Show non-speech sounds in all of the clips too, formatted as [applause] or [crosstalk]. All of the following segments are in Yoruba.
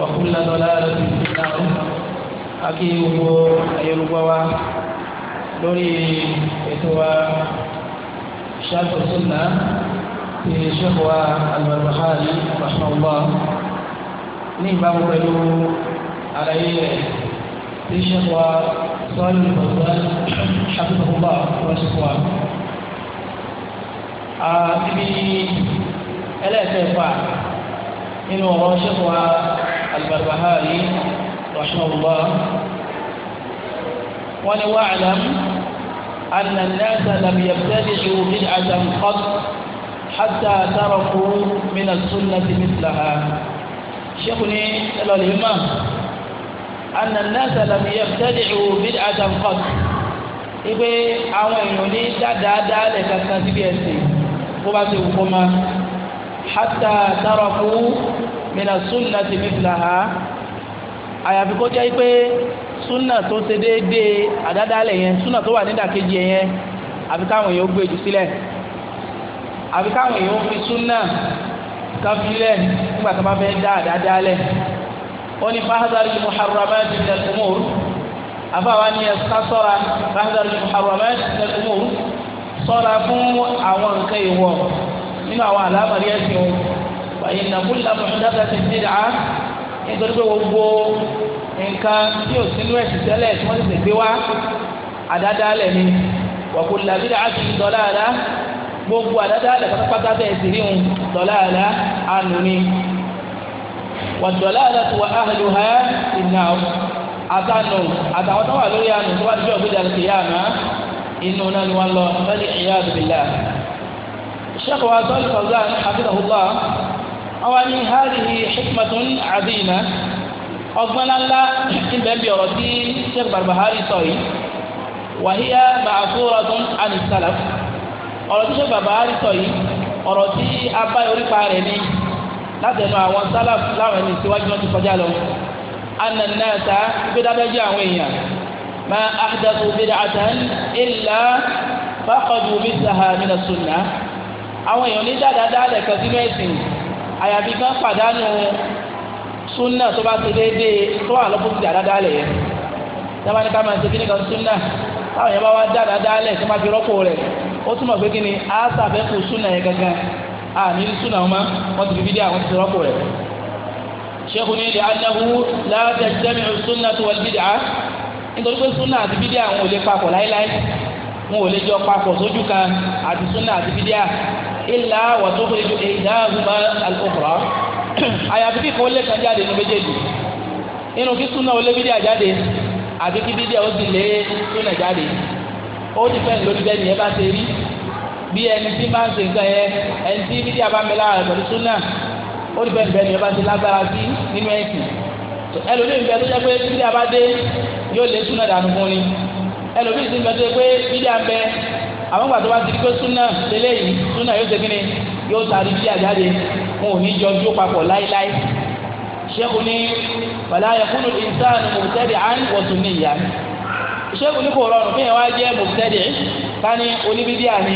وكل ضلالة في النار أكيد أيربوا لوري إتوا شرح السنة في شيخ البربخاري رحمه الله نيبام بلو عليه في شيخ صالح الفوزان حفظه الله وشكواه آه إلى كيف nínú ọ̀rọ̀ البربهاري رحمه الله ولو أعلم أن الناس لم يبتدعوا بدعة قط حتى تركوا من السنة مثلها شيخني الإمام أن الناس لم يبتدعوا بدعة قط ibe àwọn èèyàn ní dáadáa lè kankan síbi ẹsìn bó bá ti wù kó ma hátà tárakú mina sunna ti fi ha àyàfi kó jẹ́ pé sunna tó ṣe déédéé àdádálẹ̀ yẹn sunna tó wà nídàkejì yẹn àfi káwọn èèyàn gbé jù sílẹ̀ àfi káwọn èèyàn fi sunna káfílẹ̀ nígbà tó bá fẹ́ dá àdádálẹ̀ ó ní fahadari muharramat min al-umur àfàwọn ni ẹ̀ka sọ́ra fahadari muharramat min al-umur sọ́ra fún àwọn nǹkan ìwọ̀ nínú àwọn àlámọ̀rí ẹ̀sìn o wàyí nàkúlà mọ̀tàdà ti ti dà á nítorí pé gbogbo nǹkan tí ò sínú ẹ̀sìn tẹ́lẹ̀ tí wọ́n ti tẹ̀ gbé wá àdáadáa lẹ̀ ni wàkúlà bí dà á ti dọ̀là àdá gbogbo àdáadáa lẹ̀ pátápátá bẹ́ẹ̀ sì rí òun dọ̀là àdá àánú ni wàdọ̀là àdá tó wà áhàlù ha ìnà àtànù àtàwọn tó wà lórí àánú tó wà lórí ọ̀gbẹ́dà lè yá àná inú náà ni wọ́n lọ lọ́lẹ̀ ìyá àdùbìlà. الشيخ عبد الله حفظه الله ọwọ́ ní hàlìhì hikmatun azima ọgbọ́n ńláńlá níbẹ̀ bí ọ̀rọ̀ tí sheikh barbahari sọ yìí wàhíyá ma'asuratun ani salaf ọ̀rọ̀ tí sheikh barbahari sọ yìí ọ̀rọ̀ tí abá orípa rẹ̀ ní látẹnu àwọn salaf láwọn ẹni síwájú náà ti kọjá lọ anna nasa gbẹdábẹ́jẹ́ àwọn èèyàn ma ahdathu bid'atan illa faqadu mithlaha min as-sunnah àwọn èèyàn ní dáadáa dáadáa lẹ̀kọ́ sínú àyàfi kan pàdánù súnà tó bá ti déédéé tó wà lọ́kùnrin tí àdáda lẹ̀ yẹn dábàá ní ká máa ṣe kíní kan súnà táwọn yẹn bá wá dá àdáda lẹ̀ tó máa fi rọ́pò rẹ̀ ó túmọ̀ pé kíni suna ọma súnà yẹn gangan súnà wọn wọn ti fi fídíà wọn ti fi rọ́pò rẹ̀. ní súnà wọn ò lè jọ papọ̀ sójú kan àti súnà àti bídíà ìlà wàtúkọ̀ ìdá àgùnbá àlùkòkòrò àyàfi kíkọ́ ó lé kan jáde ní méjèèjì inú kí súnà ó lé bídíà jáde àti kí bídíà ó sì lé súnà jáde ó ti fẹ́ lórí bẹ́ẹ̀ ni ẹ bá ṣe rí bí ẹni tí bá ń ṣe nǹkan yẹn ẹni tí bídíà bá mẹ́lá rẹ̀ pẹ̀lú súnà ó ti fẹ́ bẹ́ẹ̀ ni ẹ bá ṣe lágbára sí nínú ẹ̀sìn ẹlòmíì bẹ́ẹ̀ tó jẹ́ pé bídíà bá dé yóò lé súnà dànù fún ni ẹlòmíì ti ń gbàdúrà pé bídíà ń bẹ àwọn gbàtọ́ bá ti di pé súnà lélẹ̀ yìí súnà yóò ṣe kíni yóò tàbí bídíà jáde wọn ò ní jọ dúró papọ̀ láíláí ṣẹ́kù ní wàlá yakunu al-insan mubtadi'an wa sunniyan ṣẹ́kù ní kò rọrùn fún yẹn wá jẹ́ mubtadi' ká ní oníbídíà ni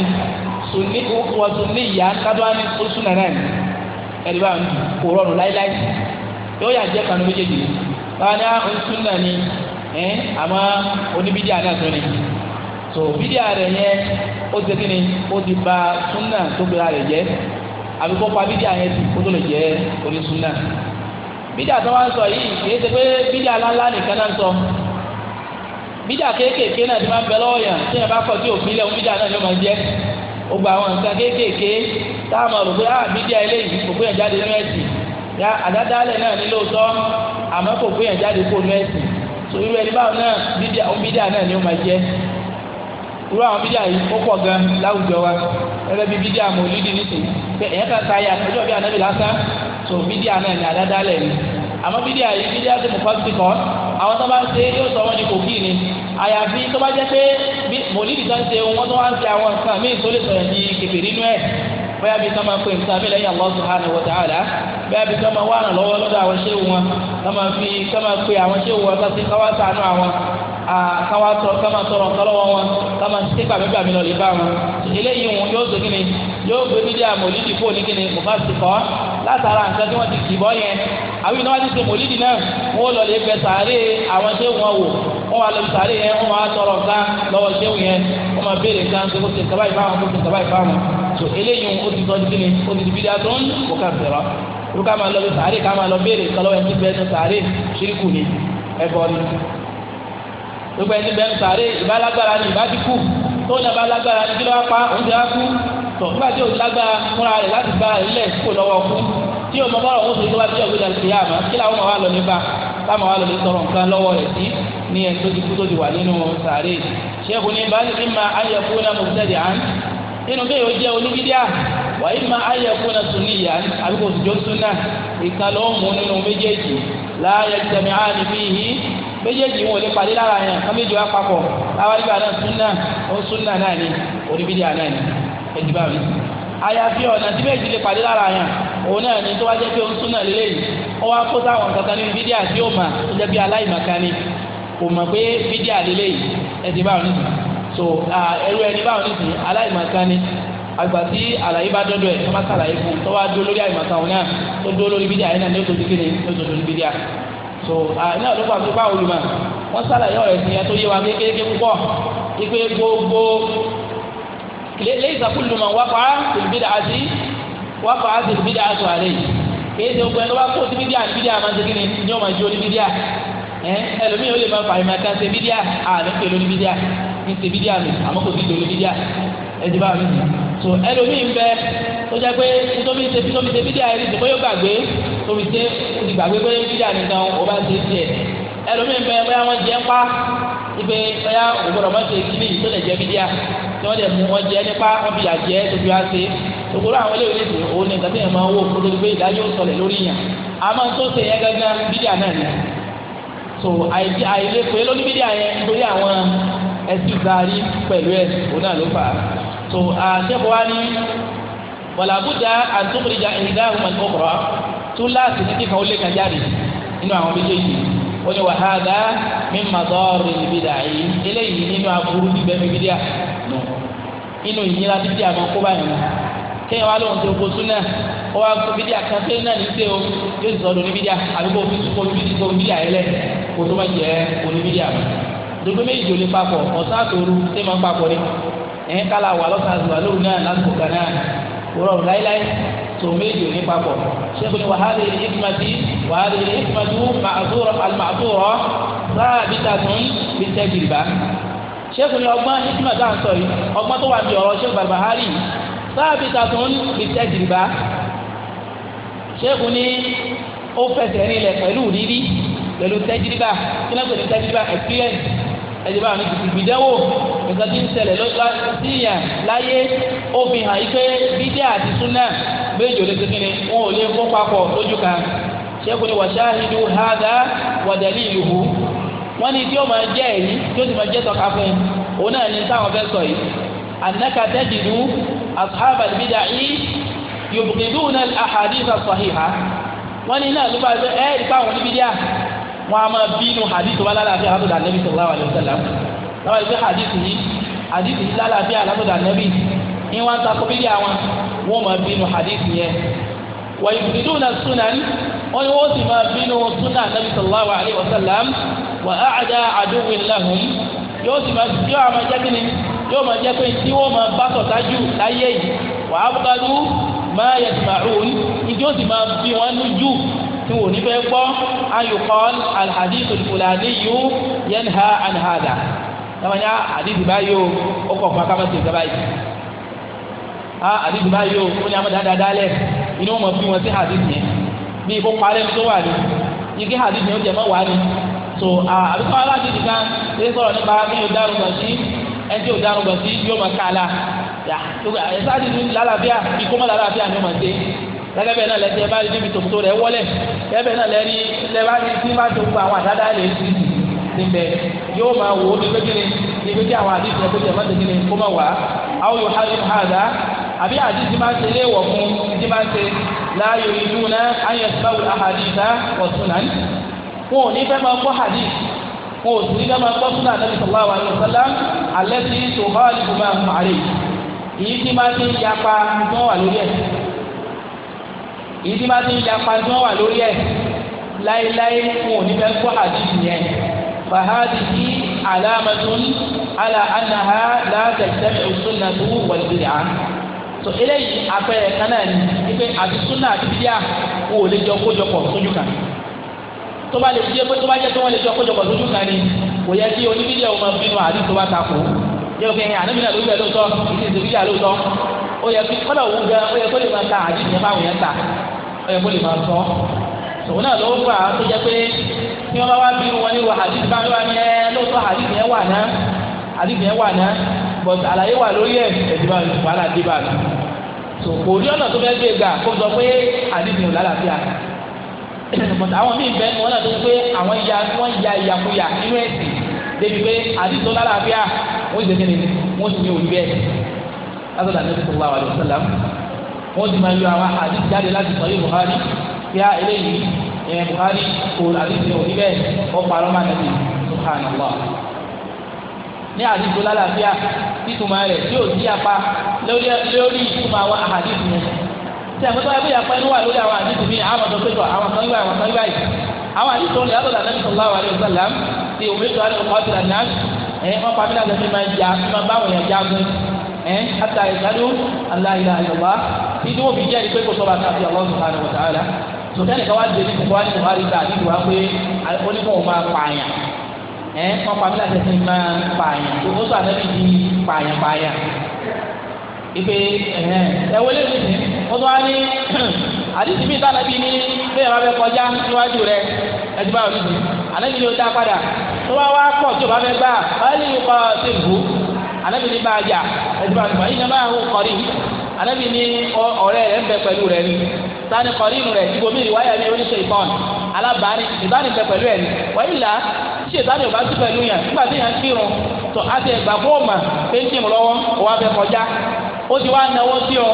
wa sunniyan kátó wá ní súnà náà ẹ̀rí bá kò rọrùn láíláí yóò yà jẹ́ kanu méjèèjì báwa ní àwọn ah, súnà ni a ama oníbídíà náà tó ni so o ti ni ti ba súnà tó gbéra rẹ̀ dị àbí kó pa bídíà ti tó lè jẹ́ onísúnà bídíà tó wá ń sọ yìí kì í ṣe pé bídíà ńláńlá nìkan náà ń sọ bídíà kéékèèké náà ti máa ń bẹ lọ́wọ́ yàn tí yẹn bá kọ̀ tí òfin lẹ́hún bídíà náà o ah, ya náà sòrí rẹ ní náà bídíà àwọn bídíà náà ni ó máa jẹ irú àwọn bídíà yìí ó pọ̀ gan láwùjọ wa ẹgbẹ́ bíi bídíà mọ̀lídìí nìsín pé ẹ̀yẹ́ kan ta ya ọjọ́ bíi ànábì lásán tó bídíà náà ni àdáda lẹ̀ ni àmọ́ bídíà yìí bídíà ti mọ̀kọ́ ti kọ́ àwọn tó bá ń ṣe yóò sọ wọ́n di kòkí ni àyàfi tó bá jẹ́ pé mọ̀lídìí tó ń ṣe wọn tó wá ń ṣe àwọn nǹkan míì tó lè sọ̀rọ̀ bóyá bí sọ́mà pé nǹkan mi lẹ́yìn Allah subhanahu wa ta'ala bóyá bí sọ́mà wà ràn lọ́wọ́ lọ́dọ̀ àwọn ṣéwù wọn sọ́mà fi sọ́mà pé àwọn ṣéwù wọn sọ́sí káwá sànú àwọn káwá tọrọ káwá tọrọ kọlọ́wọ́ wọn káwá sí gbàgbẹ́gbà mi lọ lè bá wọn eléyìí wọn yóò ṣe kíni yóò gbé bídí àmọ̀lídìí fún oníkíni mùfàsì kọ́ látara nǹkan tí wọ́n ti kì bọ́ yẹn àwọn ìnáwó ti ṣe mọ̀lídìí náà wọ́n lọ lè fẹ́ sàárè àwọn ṣéwù wọn wò wọn wà lọ sàárè yẹn wọn wà tọrọ nǹkan lọ́wọ́ ṣéwù yẹn wọn máa béèrè nǹkan tó ṣe kaba ìfáwọn kó ṣe kaba ìfáwọn so eléyìí ó ti sọ ní kíni ó ti di bídà tó ń kó ká bẹ̀rọ irú ká máa lọ bí sàárè ká máa lọ béèrè kọlọ́wọ́ ẹni bẹ́ẹ̀ ní sàárè ṣíríkù ni ẹ̀bọ ni gbogbo ẹni bẹ́ẹ̀ ní sàárè ìbálágbára ni ìbá ti kú tó ń yàgbá lágbára ni kí ló wá pa òun ti wá kú tó nígbà tí òun lágbára fúnra rẹ̀ láti gbára rẹ̀ lẹ̀ kó lọ́wọ́ kú tí o mọ bọ́rọ̀ òun sì tí òun bá táwọn máa wá ní ẹni tó ti kú tó ti wà nínú sàárè ṣé kò ní bá ní ma ayẹ̀kú náà mo tẹ̀lé à ń nínú bẹ́ẹ̀ yóò jẹ́ onígídíà wàyí máa ayẹ kó na sùn níyà àbí kò sì jó sùn náà ìkan ló ń mú nínú méjèèjì láàyè tẹ̀mí á ní bíi yìí méjèèjì wọn ò lè pàdé lára yẹn ká méjì papọ̀ láwa nígbà náà sùn ó sùn náà náà ni onígídíà náà ni ẹ̀jú bá mi. àyàfi ọ̀nà tí méjì lè pàdé lára yẹn òun náà ni tó wá jẹ́ pé ó ń sùn náà lélẹ́yìí ó wá kó sáwọn kankan ní bídíà tí ó mà ó jẹ́ bí aláìmọ̀kan ni kò mọ̀ pé bídíà lélẹ́yìí ẹ̀jú bá mi so ẹrú ẹni báwọn ní sìn aláìmọ̀kan ni àgbà tí àlàyé bá dọ́dọ̀ ẹ̀ tó bá sàlàyé fún tó bá dúró lórí àìmọ̀kan òun náà tó dúró lórí bídíà yẹn náà ní oṣù kékeré ní oṣù lórí bídíà so ní ọ̀dọ́ pàtó báwo ni mà wọ́n sàlàyé ọ̀rọ̀ ẹ̀sìn yẹn tó yé wa kékeré púpọ̀ ipe gbogbo lẹ́yìn sàkúlù mà wákà tìlbídà àti wákà tìlbídà àti àlẹ́ yìí kéé ṣe gbogbo ẹni wá kó sí bídíà ní bídíà máa ń ṣe kí ni ní ọmọ ìjọ ní bídíà ẹ ẹlòmíì ó lè máa fà ìmọ̀ kan ṣe bídíà àmì pẹ̀lú fi ń ṣe bídíà mi àmọ́ kò sí ìdòwò bídíà ẹ ti bá mi nì. so ẹlòmíì ń bẹ tó jẹ́ pé nítorí ṣe bí tóbi ṣe bídíà yẹn ìdìbò yóò gbàgbé tóbi ṣe ó ti gbàgbé pé bídíà nìkan ó bá ṣe tiẹ̀ ẹlòmíì ń bẹ bóyá wọ́n jẹ́ pa ipe bóyá ògbọ́dọ̀ má ṣe kíní tó lè jẹ́ bídíà tí wọ́n dẹ̀ mú wọn jẹ́ nípa wọ́n fi àjẹ́ tóbi wá ṣe ògbóró àwọn eléyìí ní òun ní nǹkan tí yẹn máa wò kó tóbi pé ìdájọ́ sọlẹ̀ lórí yàn àmọ́ tó ṣe yẹn gángan bídíà náà ni so àìlè pé lóní bídíà yẹn nítorí àwọn ẹsìn zaari pẹ̀lú ẹ̀ òun náà ló fà á so àṣẹ́kọ̀ wa ní wàlàbújá àtúndìjà ìdá àwọn ọkọ̀rọ̀ tún láti ní kíkan ó lé kan jáde nínú àwọn méjèèjì ó ní wàhálà mímà dọ́ọ̀rì níbi dàáyé eléyìí nínú aburú bíbẹ́ mi bídíà nù inú ìnira bídíà máa kó báyìí nù kéèyàn wá lóhùn tó o kó súnà ó wá kó bídíà kan pé náà ní sè o yóò sọ̀rọ̀ ní bídíà àbí kó o fi kó o fi yẹn lẹ̀ kó o tó má jẹ́ oníbídíà mọ́ dodo méjì ò lè papọ̀ ọ̀sán àtòru ṣé máa ń papọ̀ ni ẹ̀yìn kálá wà lọ́sàn àti wà lóru náà lásìkò kan náà wúrọ̀ láíláí tó méjì ò ní papọ̀ ṣéèkù ni wàhálì ìfimati wàhálì ìfimati màdúrọ̀ àlùmàdúrọ̀ sáà bíta tún bí tẹ́jìlìbá ṣéèkù ni ọgbọ́n ìfimati à ń sọ yìí ọgbọ́n tó wà ní ọ̀rọ̀ ṣéèkù bàbáhárì sáà bíta tún bí tẹ́jìlìbá ṣéèkù ni ó fẹsẹ̀ rinlẹ̀ pẹ̀lú rírí pẹ̀lú tẹ́jìlìbá kí náà pẹ̀lú tẹ́jìlìbá experience ẹ̀jẹ̀ báwọn ti fi dánwò nǹkan tí ń ṣẹlẹ̀ lọ́jọ́ síyàn láyé ó fi hàn yípe bídíà àti súnà méjì òde kékeré wọn ò lè fún papọ̀ lójú kan ṣẹ́kù ni wàṣáhidu hada wàdàlí ìlúhu wọ́n ní tí ó máa jẹ́ èyí tí ó sì máa jẹ́ tọ́ka fún un òun náà ní táwọn fẹ́ sọ yìí annaka tajidu ashab al-bid'ah yubghiduna al-ahadith as-sahihah wọ́n ní náà ló bá ẹ ẹ́ ìpá àwọn oníbídíà wọn a máa bínú hadith wa lálàáfíà látọ̀dọ̀ anabi sallallahu alayhi wa sallam lọ́wọ́ ìgbé hadith yìí hadith yìí lálàáfíà látọ̀dọ̀ anabi ní wọn ta kó bídíà wọn wọn máa bínú hadith yẹn wọ́n ìbùdó na sunan wọ́n ni wọ́n sì máa bínú sunan anabi sallallahu alayhi wa sallam wà á àdá àdúgbò lahum yóò sì máa yóò àmà jẹ́ kí ni yóò máa jẹ́ pé tí wọ́n máa bá sọ̀tájú láyé yìí wà á bùkálù tí wọ́n ní fẹ́ gbọ́ ayùkọ́l alhadith alfulani yu yanha anhada lọ́wọ́n yá ah, hadith báyìí o ó kọ̀ fún akábàtì ìjọba yìí a ah, hadith báyìí o ó ní amadada dálẹ̀ inú wọn fi wọn sí hadith yẹn bí ikú parẹ́ mi tó wà ní ike hadith yẹn ó jẹ́ mọ́ wà ní so àbíkọ́ aládìí nìkan ṣe é sọ̀rọ̀ nípa kí ni ó dárúgbà sí ẹni tí ó dárúgbà sí yóò máa ká a la yà ẹ̀sáàdì ní lálàáfíà ikú mọ́ lálàáfíà ni ó máa ṣe gẹ́gẹ́ bẹ́ẹ̀ náà lẹ́sẹ̀ bá rí níbi tòmótò rẹ̀ wọlé gẹ́gẹ́ bẹ́ẹ̀ náà lẹ́rí lẹ́bá rí tí bá tó gba àwọn àdáda lè ti níbẹ̀ yóò máa wò ó ní pékinni ní pékin àwọn àdìsí ẹ̀kọ́ jẹ̀ mọ́tò kínni kó máa wà á àwọn yóò há nínú àdá àbí àdìsí máa ń ṣe ilé ìwọ̀ fún ti máa ń ṣe láàyò ìlú náà ayé ìsìláwò àhàdìsá ọ̀tún náà wọn ò ní fẹ́ máa gbọ́ hadith wọn ò sì ní fẹ́ máa gbọ́ súnà nàbì sallallahu alaihi wasallam alẹ́ sí tòhálì tó máa ń parí èyí tí máa ń ṣe yapa gbọ́n wà lórí ẹ̀ èyí tí máa ti ń yapa tí wọ́n wà lórí ẹ̀ láéláé fún òní fẹ́ kó àdìsí yẹn fàhádìsí àlàmàtún àlà ànàhà látẹ̀tẹ̀mẹ̀ òṣùnà tó wọ̀lẹ̀ bìrì à. tó eléyìí apẹ̀rẹ̀ kan náà ni wípé àti súnà àti bíyà wò lè jọ kójọpọ̀ sójú kan tó bá lè jẹ́ pé tó bá jẹ́ pé wọ́n lè jọ kójọpọ̀ sójú kan ni kò yẹ kí oníbíyà ọmọ bínú àdìsí tó bá ta kù yóò fi hàn ànábìnrin àlóòtọ́ ìdí ìdí bíyà lóòtọ́ ó yẹ kí kọ́lọ̀ òun gan ó yẹ kó lè máa ta àdìsí yẹn máa wù yẹn ta ó kó lè máa sọ òun náà ló gbà tó jẹ́ pé tí wọ́n bá wá bí wọn ní wà hadith bá lọ́wọ́ ni ẹ lóòótọ́ hadith yẹn wà náà hadith yẹn wà náà but àlàyé wà lórí ẹ̀ ẹ̀dínwá wàhálà dé bá mi so kò ní ọ̀nà tó fẹ́ gbé gbà kó sọ pé hadith ò lálàáfíà [clears throat] but àwọn míì bẹ́ẹ̀ ni wọ́n náà tó pé àwọn ya wọ́n ya ìyàkuyà nínú ẹ̀sìn débi pé hadith tó lálàáfíà wọ́n ti máa yọ àwọn àdìsí jáde láti sọ yìí Buhari kí á eléyìí ẹ̀ Buhari kò àdìsí òní bẹ́ẹ̀ ọ̀pọ̀ àlọ́mà nàbì subhanallah ní àdìsí lálàáfíà títúmọ̀ rẹ̀ tí ò sí apá lórí ìtumọ̀ àwọn àdìsí yẹn tí a fẹ́fẹ́ bí apá inú wà lórí àwọn àdìsí mi àwọn tó pẹ́tọ̀ àwọn kan yíwá àwọn kan yíwá àwọn àdìsí lè yàtọ̀ lànà bí sọ̀lá wàlẹ̀ ọ̀sán làm ẹ ata ìsádó aláìlá ìjọba tí tí wọn fi jẹ́rìí pé kò sọba káfí àwọn ọsùn kan wọn sàrà sọtẹ́ni káwá dé ní kókó wá ní buhari ta ní ìwà pé onímọ̀ wọn máa pààyàn ẹ wọn pa mí láti ẹsẹ̀ máa pààyàn tó ó sọ àtẹ́bí di pààyàn pààyàn ipe ẹ wọlé mi sí wọn tó wá mi sáà nàbí ní bẹ́ẹ̀ bá fẹ́ kọjá níwájú rẹ ẹ ti bá wọn níbi ni ó dá padà tó bá wá pọ̀ tó bá fẹ́ gbà báyìí ní kọ́ ṣe bù anabi ní bá a jà ẹsẹ bá a gbà yíyan báyà wò kọrí anabi ní ọ̀rẹ́ rẹ̀ ni sani kọrí inú rẹ̀ ibo mi ìwáyà ni oníṣẹ ìbọn alábàárí ìbáni bẹ pẹ̀lú ẹ ni wáyé là tí ìbáni ò bá ti pẹ̀lú yàn nígbà tí yàn ń kírun tó a ti ẹgbà fún ọmọ pé ń kírun lọ́wọ́ ó wá fẹ kọjá ó ti wá náwó sí ọ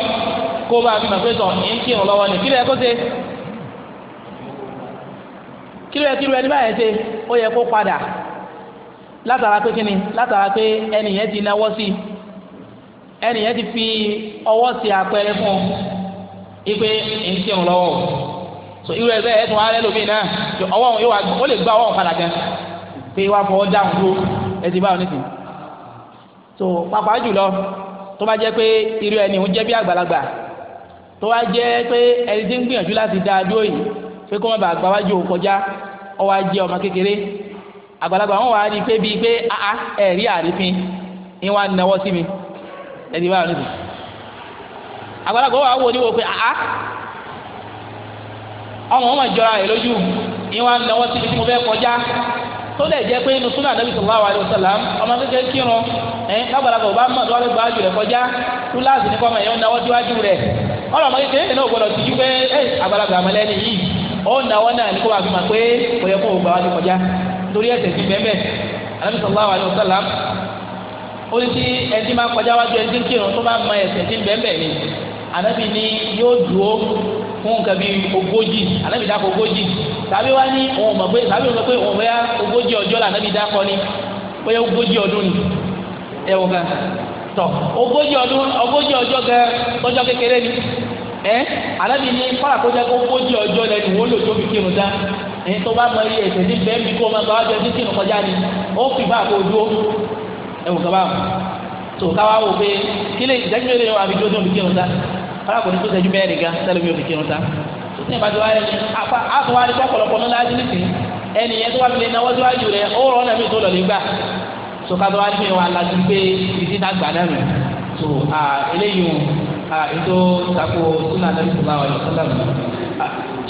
kó bá a fi mọ̀ pé tọ̀ ń kírun lọ́wọ́ ni kí lè kó ṣe kí lè kí lè ní báyẹn kó padà látara pé kíni látara pé ẹnìyẹn ti náwó sí ẹnìyẹn ti fi ọwọ́ sí àpẹẹrẹ fún un ipe ń kí lọ́wọ́ so irú ẹgbẹ́ ẹ̀ tún alẹ́ lómi náà ọwọ́ òun yóò wá ó lè gbá ọwọ́ òun padà gan pé wá fọwọ́ dáhùn dúró ẹ ti nìsín so pàápàá jùlọ tó bá jẹ́ pé irú ẹni òun jẹ́ bí àgbàlagbà tó wá jẹ́ pé ẹni tí ń gbìyànjú láti dáa dúró yìí pé kó má bàa gbáwájú òun kọjá ó àgbàlagbà wọn wà á rí pé bíi pé ah, ah, àrífín ni wọn á nawọ́ sí mi ẹni bá wọn nìyí àgbàlagbà wọn wà á wò ní wo pé a ah, ọmọ wọn jọra rẹ lójú ni wọn á nawọ́ sí mi tí mo fẹ́ kọjá tó lè jẹ́ pé inú súnà nàbì sallallahu alaihi wasallam ọmọ kékeré kírun ẹ lágbàlagbà jù kọjá ní síwájú torí ẹ̀ṣẹ̀ ti bẹ́ẹ̀ bẹ́ẹ̀ Ànábì sallallahu alaihi wasallam ó ní tí ẹtí máa kọjá wájú ẹtí kírun tó máa ma ẹ̀ṣẹ̀ ti bẹ́ẹ̀ bẹ́ẹ̀ ni Ànábì ni yóò dúró fún nǹkan bíi ogójì Ànábì dákọ̀ ogójì tàbí wá ní òun mọ̀ pé tàbí òun mọ̀ pé òun bẹ́ẹ̀ ogójì ọjọ́ là dákọ̀ ni bóyá ogójì ọdún ni gan ogójì ọdún ogójì ọjọ́ gan tọ́jọ́ kékeré ni ẹ alábi kó ogójì ọjọ́ wọ́n lò kírun ẹni tó bá mọ iye ẹsẹ̀ ní bẹ́ẹ̀ bí kó o máa gba ọjọ́ títí nù kọjá ni ó fi bá àpò dúró ẹ̀wọ̀n kaba wọn tó káwá wò pé kí lè ìdájú mẹ́rin wà á fi dúró tó fi kírun ta alákòóní tó sẹ́jú mẹ́rin gan sẹ́lẹ̀ mi ò fi kírun ta tó sẹ́yìn bá ti wá ẹni apá àtúwá ni kọ́kọ̀lọ́kọ́ ní láti nìsín ẹni yẹn tó wà nílé náwó síwájú rẹ ó rọ ọ́nà mi tó lọ lè gbà tó káwá wá níbi wọn alájú pé ìdí náà gbà náà mi tó eléyìí ètò tako sunnah nàbí sọlá wà lọ sọlá mi.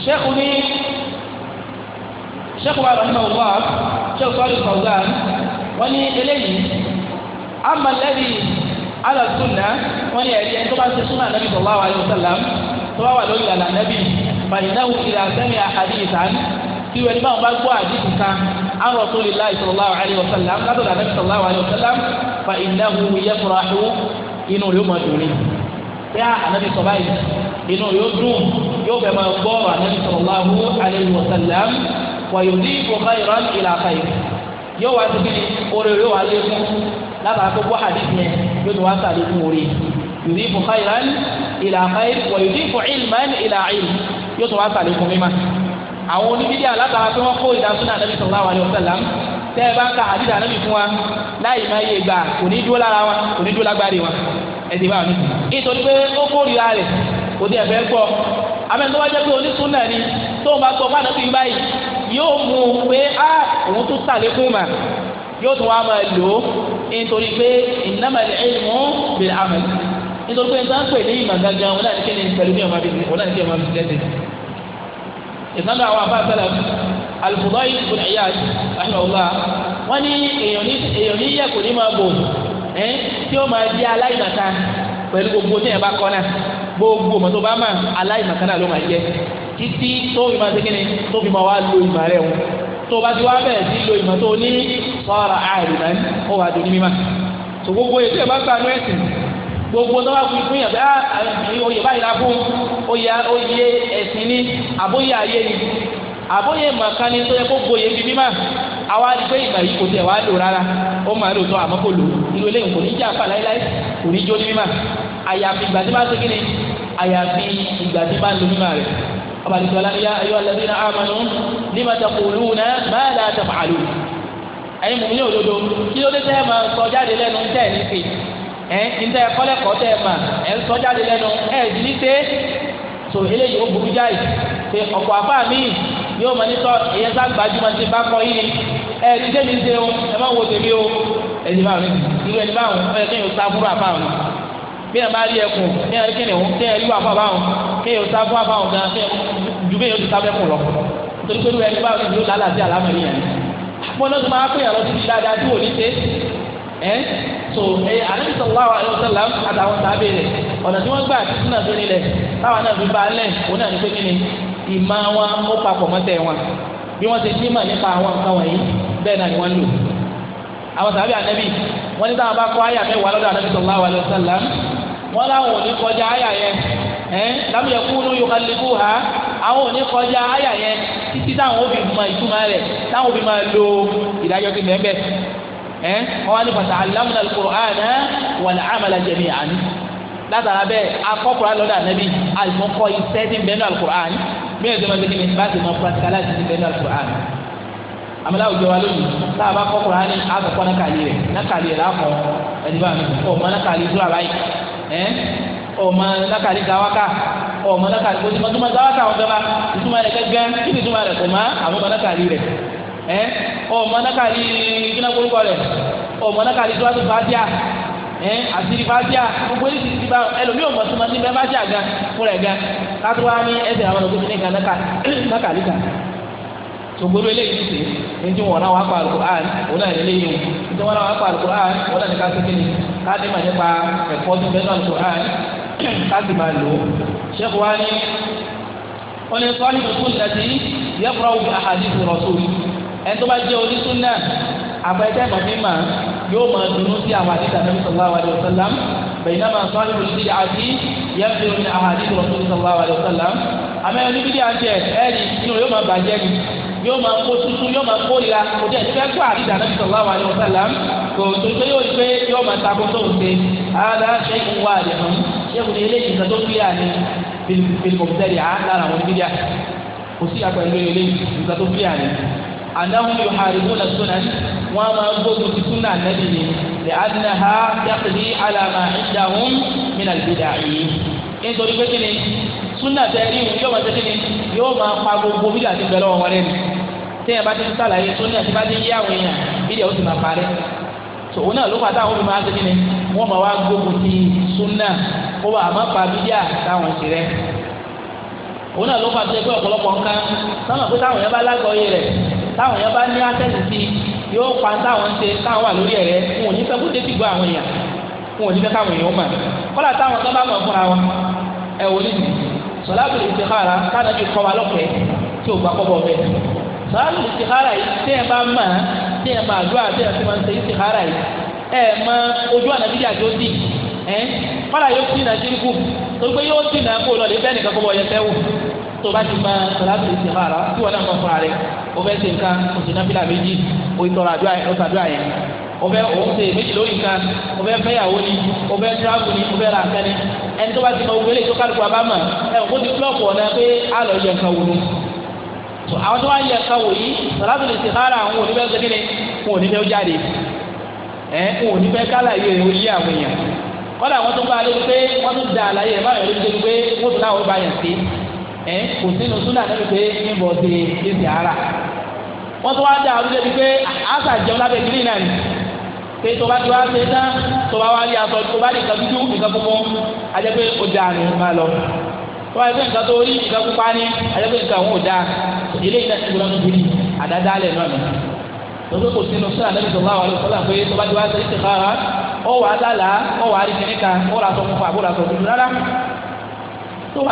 sẹ́kù ní sheikh wa rahimahullah sheikh salih fawzan wọ́n ní eléyìí amma alladhi ala sunna wọ́n ní ẹ̀rí ẹni tó bá ń ṣe sunna nabi sallallahu alayhi wa sallam tó bá wà lórí ìlànà nabi fàyínáwó ìlà sẹ́mi àdìsán tí wọ́n bá wọn bá gbọ́ àdìsí kan an rasulillahi sallallahu alayhi wa sallam látọ̀dọ̀ nabi sallallahu alayhi wa sallam fàyínáwó yafrahu inú rẹ̀ ó máa dùn ní bí a anabi sọ wọ̀nyọ̀dí ìbùkà ìrọ̀n ìlàkà yìí yóò wá sí kíni orí yóò wá lé fún látara tó bọ́ àdìsí yẹn yóò tó wá sàlẹ̀ fún orí yòdí ìbùkà ìrọ̀n ìlàkà yìí wọ̀nyọ̀dí ìbùkà ìlmán ìlà ìlm yóò tó wá sàlẹ̀ fún mímá. àwọn oníbídíà látara tó wọ́n kó ìdásúná ànábì sallallahu alaihi wasallam tẹ́ ẹ bá ń ka àdìsí ànábì fún wa láì má yé gbà kò lára wa kò yóò mú un pé á ah, òun tún sàlékún mà yóò tún wá máa lò ó nítorí pé innamal ilmu bil amal nítorí pé nǹkan pè ní ìmọ̀ gangan wọn láti kéde pẹ̀lú bí ọmọ bíbí wọn láti kéde ọmọ bíbí lẹ́sẹ̀. ìsàndà àwọn afá sẹlẹ̀ Al-Fudayl ibn Iyad rahimahullah wọn ní èèyàn ní yẹ kò ní máa bò ẹ́ tí ó máa di aláìmọ̀ta pẹ̀lú gbogbo tí yẹn bá kọ́ náà gbogbo ọmọ tó bá mà aláìmọ̀kánná ló máa jẹ títí tó fi máa sékìnnì tó fi máa wá lo ìmọ̀ rẹ̀ wọn tó bá ti wá bẹ̀rẹ̀ sí lo ìmọ̀ tó ní sọ́ra àìrìnà ó wà dùn ní mímà tó gbogbo ètò ẹ̀ bá gbà nú ẹ̀sìn gbogbo náà fi fún yàtọ̀ ah, oyè báyìí la fún oyè ẹ̀sìn ní àbóyè ayé ni àbóyè màkánni tó yẹ kó gboyè bí mímà àwa rí pé ìgbà yìí kò tẹ̀ wá lò rárá ó máa lò tán àmọ́ kò lò irú eléyìí kò ní jẹ́ àpá láíláí kò ní jó ní mímà àyàfi ìgbà tí bá ń segin ni àyàfi ìgbà tí bá ń lo mímà rẹ̀ ọba àti sọlá ya ayọ́ alẹ́bí náà àmàlú lima taquluna ma la taf'alun ẹ̀yin mú mi ní òdodo kí ló dé tẹ́ ẹ máa sọ jáde lẹ́nu tẹ́ ẹ̀ ní sè ẹ̀ ń tẹ́ ẹ kọ́lẹ́kọ̀ọ́ tẹ́ ẹ máa ẹ̀ ń sọ jáde lẹ́nu ẹ̀ ẹ̀ so eléyìí ó burú jáì pé ọ̀pọ̀ àbá mi yóò mọ nítọ́ ìyẹn sá gbajúmọ̀ ti bá kọ́ yìí ẹ ẹni tẹ́mi ń ṣe o ẹ má wo tèmi o ẹni báwọn ní irú ẹni báwọn ó yẹ kéèyàn sá fúnra báwọn bí ẹ bá rí ẹkùn bí ẹ rí kéèyàn kéèyàn rí wà fún àbáwọn kéèyàn sá fún àbáwọn gan ju bẹ́ẹ̀ yóò ti sábẹ́ kùn lọ torí pé irú ẹni báwọn ní ìlú lálàsí àlámọ̀ yìí yẹn mo lọ́sùn máa pè ẹ eh? so ẹ eh, anabi sallallahu alayhi wa àtàwọn ọ̀nà tí wọ́n a náà ní pé kíni ìmọ̀ wọn ó papọ̀ mọ́tẹ̀ wọn bí wọ́n ti ní mà nípa àwọn nǹkan wọ̀nyí bẹ́ẹ̀ náà ni wọ́n lò àwọn anabi wọ́n ní táwọn bá kọ́ àyà mẹ́wàá lọ́dọ̀ wa wọ́n láwọn ò ní kọjá àyà yẹn eh? ẹ ọwọ́ ní pàtàkì alámúnà alukur'ana wàlẹ̀ amala jẹ̀mí àní látara bẹ́ẹ̀ akọ́kùnrin alọ́dọ̀ ànábì àìmọ́kọ́ iṣẹ́ ti bẹ́ẹ̀ ní alukur'an bí ẹ̀ dẹ́gbẹ́ gbẹ́gbẹ́ bá ti mọ pàtàkì ti bẹ́ẹ̀ ní alukur'an amala òjò wa lónìí tá a bá kọ́kùnrin àní àkọ́kọ́ nàkàlì rẹ̀ nàkàlì rẹ̀ lákọ̀ ẹ̀dínwó àmì ọmọ nàkàlì dúrà báyìí ẹ̀ ọmọ nàkàlì gawaka ọmọ nàkàlì kò ẹ ọmọ náà kàlí kíná gbórúkọ rẹ ọmọ náà kàlí tíwájú fàájà ẹ àtìrí fàájà gbogbo èyí ti bá ẹlòmí ọmọ tó máa ní bẹ fàájà gan fúnra ẹ gan kátó wá ní ẹsẹ àwọn ọmọ tó ní kan náà kàlí kan sogbodò eléyìí ti ní tí wọn náà wà pa alukur'an wọn náà eléyìí o ní tí wọn náà wà pa alukur'an wọn náà ní ká sékéle ká ní ma nípa ẹ̀kọ́ tó bẹ náà alukur'an ká sì máa lò ó sẹ́kù wá ní wọn ní sọ́ọ́lì o kún ìdájí yẹ kúrọ́ wù ahadith rasul ẹni tó bá jẹ́ onísúnà àfẹ́tẹ́ mọ̀mímà yóò máa dunú sí àwọn àdìsá nàbí sallallahu alayhi wa sallam bẹ̀yìnà máa sọ àdìsá nàbí àti yẹ́nfẹ́ oní àwọn àdìsá nàbí sallallahu alayhi wa sallam àmọ́ ẹni bíbí àjẹ ẹ̀rì inú yóò máa bàjẹ́ ni yóò máa kó tuntun yóò máa kórira kò dé ẹ̀sìn fẹ́ kó àdìsá nàbí sallallahu alayhi wa sallam kò tó tó yóò gbé yóò máa ta kótó òde àádá ṣẹ́kù wà àdìmọ́ ṣẹ́kù ní eléyìí ìgbà anáwọn يحاربون haribu وما sunan wọn النبي لأنها ti على ما ni من adina إن yàtọ̀lí alama ìdáhùn mina gbèdà yìí nítorí pé kí ni sunna tẹ̀lé ìwé سنة máa tẹ̀lé ni yóò máa pa gbogbo bí àti bẹ̀rẹ̀ wọn wọlé ni tẹ́yìn bá ti ń sàlàyé sunna tí bá ti ń yé àwọn èèyàn bí ìyàwó ti máa parẹ́ tòun náà ló pàtàkì àwọn obìnrin máa ń tẹ́lé máa wá gbógun ti sunna kó bá a pa bídíà táwọn ti rẹ́ òun náà ló fà ṣe pé ọ̀pọ̀lọpọ̀ nǹkan táwọn àpótá àwọn yẹn bá lágbọ̀ọ́yé rẹ̀ táwọn èèyàn bá ní access sí yóò pa táwọn ṣe táwọn wà lórí ẹ̀rẹ́ wọn ò ní fẹ́ kó dé tìgbọ́ àwọn èèyàn wọn ò ní fẹ́ káwọn èèyàn mọ̀ kọ́lá táwọn tó bá mọ̀ fúnra wọn ẹ wò nínú sọláàtù istikhara káàdà ju kọ́ wa lọ́kẹ́ tí ò gbà kọ́ bọ̀ bẹ́ẹ̀ sọláàtù istikhara yìí tẹ́ ẹ bá mọ̀ tẹ́ ẹ máa dúrà tẹ́ ẹ fi máa ń ṣe istikhara yìí ẹ mọ ojú ànàbíyà tó dì ẹ kọ́lá yóò dì náà ṣírí kù tó gbé yóò dì náà kó lọ lè o fẹ́ ṣe nǹkan o ṣe náfìlà méjì o tọrọ àdúrà yẹn o ṣàdúrà yẹn o fẹ́ o se méjì lórí nǹkan o fẹ́ fẹ́yàwó ni o fẹ́ tíráàbù ni o fẹ́ ra nǹkan ni ẹni tó bá ti mọ owó eléyìí tó kálukú wa bá mọ̀ ẹ kó ti flọ́ọ̀pù ọ̀nà pé a lọ yẹ nǹkan wò ni àwọn tó wá yẹ nǹkan wò yìí sàlábù lè ṣe kára àwọn òní fẹ́ ṣe kíni wọn ò ní fẹ́ jáde ẹ wọn ò ní fẹ́ kálà yìí ò yí àwọn èèyàn kọ́dà wọn tó bá lórí pé wọ́n tún da àlàyé ẹ̀ báyọ̀ lórí pé wọ́n tún láwọn bá yàn sí ẹ kò sínú súnà lórí pé ń bọ̀ sí ẹ̀sìn ara wọ́n tún wá dá àrùn débi pé àṣà ah, jẹun lábẹ́ gírí náà ni pé tó bá ti wá ṣe tán tó bá wá rí aṣọ tó bá rí nǹkan dúdú nǹkan funfun ajẹ́ pé ó dáa ni máa lọ tó bá rí pé nǹkan tó rí nǹkan pupa ni ajẹ́ pé nǹkan òun ò dáa eléyìí náà ti gbọ́dọ̀ tó dúró àdáda alẹ̀ náà ni lọ́gbẹ́ kò sínú sílẹ̀ ànábì sọ̀rọ̀ àwọn olùsọ̀lá pé tó bá ti wá ṣe é ti kára ọ wà á lálàá ọ wà á rí kìnìkà ó rà sọ fún fún àbúrò àsọ fún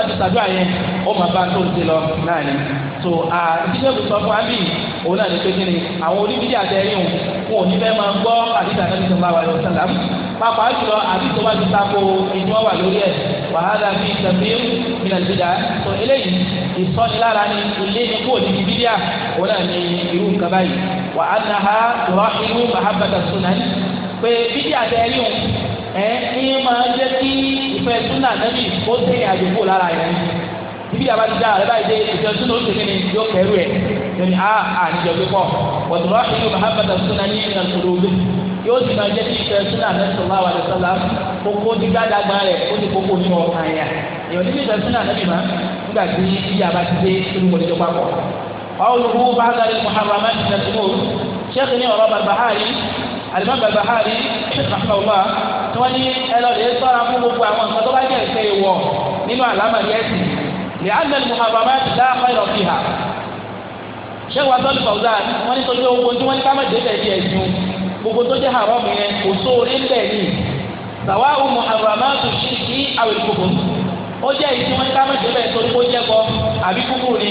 ti ṣàdúrà yẹn ó máa bá tó ń ṣe lọ náà ni so àdìsẹ́ òbí sọ fún abí òun náà ní pé kíni àwọn oníbíjà àtẹ̀yìn wọn ò ní fẹ́ máa gbọ́ àdìsẹ́ àtẹ̀yìn tó bá wà lọ sàlám pàápàá jùlọ àdìsẹ́ wà ti tako ìdúró wà lórí ẹ̀ wàhálà fi tẹ̀lé ìlànà ìbíjà so eléyìí ìsọ́nilára ni ilé ní kó ní bíbíà òun náà ní irú nǹkan báyìí wà ha tòrọ irú mahabata sunan pé bíbíà àtẹ̀yìn ẹ̀ ń máa jẹ́ kí ìfẹ́ ibi yàrá ti dá rẹ báyìí dé ìjọ tó ló ń tẹ̀lé ní yóò kẹrù ẹ̀ lónìí a ah, àníjọ ah, pé pọ̀ wọ̀túrọ̀ ìlú mahamadu sunna ní ìlànà olóògbé yóò sì máa jẹ́ kí ìfẹ́ sunna anẹ́sọ̀lá wa lọ́sọ̀lá kókó ti gbàdàgbà rẹ̀ ó ti kókó nínú ọkàn yà èèyàn níbi ìfẹ́ sunna anẹ́bí ma nígbà tí ibi yàrá ti dé inú wọlé tó papọ̀ ọ̀rùn wù bá dárí muhammadu nàìjíríà sẹ́kì ní ọ̀rọ̀ bàbáhárì alimami bàbáhárì rahmanulah tí wọ́n ní ẹlọ́dẹ̀ẹ́sọ́ra fún gbogbo àwọn nǹkan tó bá jẹ́ ìfẹ́ ìwọ̀ nínú àlámàrí ní alẹ́ لا láàpá ìrọ̀ fi hà sheikh wa sọ́ọ́lù fawzan wọ́n ní tó dé ogun tí wọ́n ní ká má dé bẹ̀ bí ẹ̀sùn gbogbo tó jẹ́ haram yẹn kò sóore ń bẹ̀ ní sàwáwù muhammadu ṣìṣì àwọn ìkókò ó jẹ́ èyí tí wọ́n ní ká má dé bẹ̀ torí kó jẹ́ kọ́ àbí kúkú ni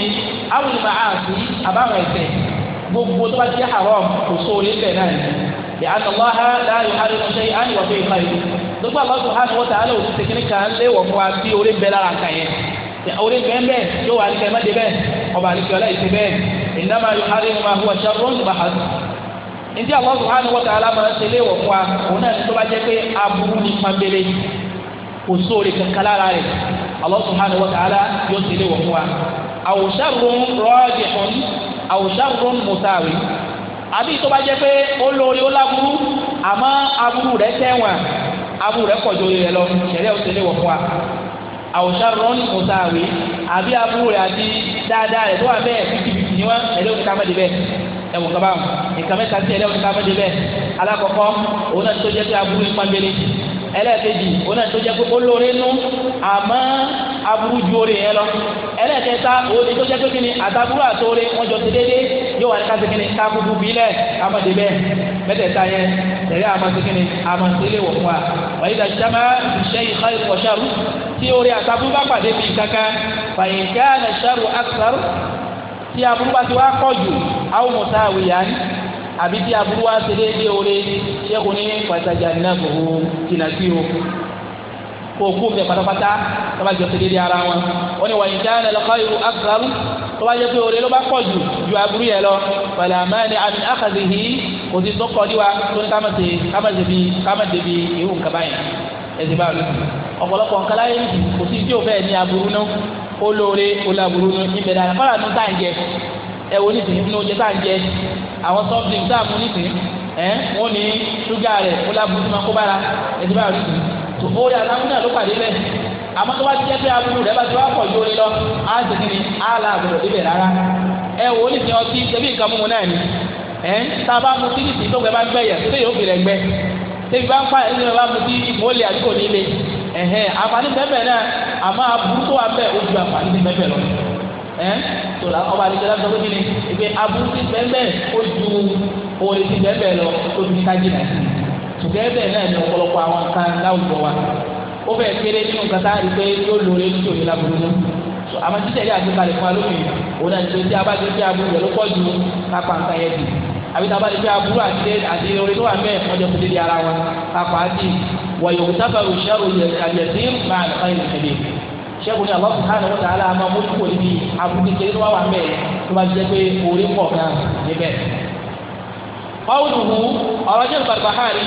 àwọn ìmọ̀ àti àbáwọn ẹ̀sẹ̀ gbogbo tó bá jẹ́ haram kò sóore ń bẹ̀ náà ní bí àná lọ́ha láàyò àdéhùn ṣe àyè wọ́n fi ìfà yìí gbogbo àwọn sùhánù wọ́tà á lè òtún tẹkíníkà ń léwọ̀ fún wa bí orí ń lára nǹkan yẹn orí bẹ́ẹ̀ yóò wà nípa ẹ̀ má dé bẹ́ẹ̀ ọba àlùkò ọlá ìṣe bẹ́ẹ̀ ìnáma àrí ma hu ọ̀ṣà rọ́ọ̀nù bá ha ntí Allah subhanahu wa ta'ala máa ń tẹ̀lé wọ̀ fún wa òun náà tó bá jẹ́ pé aburú ní pambele kò sóore kankan lára rẹ̀ Allah subhanahu wa ta'ala yóò tẹ̀lé wọ̀ fún wa àwòṣà rún rọ́ọ̀dì fún àwòṣà rún mùsàwì àbí tó bá jẹ́ pé ó lórí ó láburú àmọ́ aburú rẹ̀ tẹ̀wọ̀n aburú rẹ̀ pọ̀ jù rẹ̀ lọ ṣẹ̀rẹ̀ ò tẹ̀lé wọ̀ fún wa àwòṣà rọ́ọ̀nì mọ̀tà àwé àbí aburú rẹ̀ àti dáadáa rẹ̀ tó wà bẹ́ẹ̀ fífìfì ni wọ́n ẹ̀rẹ́ òkúta mẹ́tẹ̀ bẹ́ẹ̀ ẹ̀wọ̀n kaba nǹkan mẹ́ta sí ẹ̀rẹ́ òkúta mẹ́tẹ̀ bẹ́ẹ̀ alákọ̀ọ́kọ́ òun náà tó jẹ́ pé aburú ń pàgbélé ẹlẹ́ẹ̀kejì òun náà tó jẹ́ pé olóore nú àmọ́ aburú ju oore yẹn lọ ẹlẹ́ẹ̀kẹta òun tó jẹ́ pé kí ni àtàbúrò àtòore wọ́n jọ ti dédé yóò wà ní ká segin ni ká kúkú bílẹ̀ amadi bẹ́ẹ̀ mẹ́tẹ̀ẹ̀ta yẹn tẹ̀lé amadi segin ni amadi lè wọ̀ fún wa wàyí dàjú sábà ṣẹ́yìn xayí kọ̀ṣàrú tí orí àtàbùrú bá pàdé bíi kankan fàyìnká nàṣàrò àṣàrò tí aburú bá ti wá kọ jù àwọn mọ̀tá àwìyá ni àbí tí aburú wá ṣe déédéé orí ṣẹ́kùn ní pàtàkì àdínàbò jìnnà sí o kò kú bẹ pátápátá tó bá jọ ṣe déédéé ara wọn wọn ni wàyìnká nàlọ́kọ́ irú àṣàrò tó bá jẹ́ pé orí ló bá pọ̀ jù ju aburú yẹn lọ pẹ̀lú àmàlẹ́ àmì àkàdé yìí kò sí tó kọ́ níwá tó ní ká má ṣe ká má ṣe ẹ̀ ọ̀pọ̀lọpọ̀ nǹkan láyé nìkì kò sí tí o fẹ́ ní aburú náà ó lóore ó láburú náà níbẹ̀ dára kọ́lá nu tá ń jẹ ẹ wo nìkì nínú oúnjẹ tá ń jẹ àwọn sọ́ọ̀bì tá à mú nìkì ẹ wọ́n ní ṣúgà rẹ̀ ó láburú tó máa kó bára ẹ̀dí bá rí tó ó yà láwọn náà ló pàdé bẹ́ẹ̀ àmọ́ tó bá ti jẹ́ pé aburú rẹ̀ bá ti wá pọ̀ ju orin lọ á ti kiri á la àgbọ̀dọ̀ débẹ̀ rárá ẹ wo nìkì ọtí ṣẹbi ẹ̀hẹ́n àǹfààní bẹ́ẹ̀ náà àmọ́ aburú tó wà bẹ́ẹ̀ ó ju àǹfààní ti bẹ́ẹ̀ lọ ẹ̀ tó la ọba àdìgbò láti sọ pé ibi aburú ti bẹ́ẹ̀ ó ju oore ti bẹ́ẹ̀ lọ tó fi ká jìnà sí ṣùgbọ́n bẹ́ẹ̀ náà ni ọ̀pọ̀lọpọ̀ àwọn nǹkan láwùjọ wa ó fẹ́ kéré nínú nǹkan tá a rí pé yóò lóore ní òye láburú náà àmọ́ títẹ̀lé àgbékalẹ̀ fún alómi òun náà nítorí tí a bá aburú rẹ̀ ló pọ̀ ju kápá nǹkan yẹn dì àbí tá a bá ti fi aburú àti orin tó wà mẹ́ẹ̀ wọ́n wàyọ̀wùtábà òṣèrò àyẹ̀dín máa nìkan yìí nìkan yìí sẹ́kùn ní Allah subhanahu wa ta'ala máa mójú kò níbi àbúkí kéré tó wà wà mẹ́ tó bá jẹ́ pé orí pọ̀ náà níbẹ̀. ọ̀húnùhù ọ̀rọ̀ jẹ́ Barbahari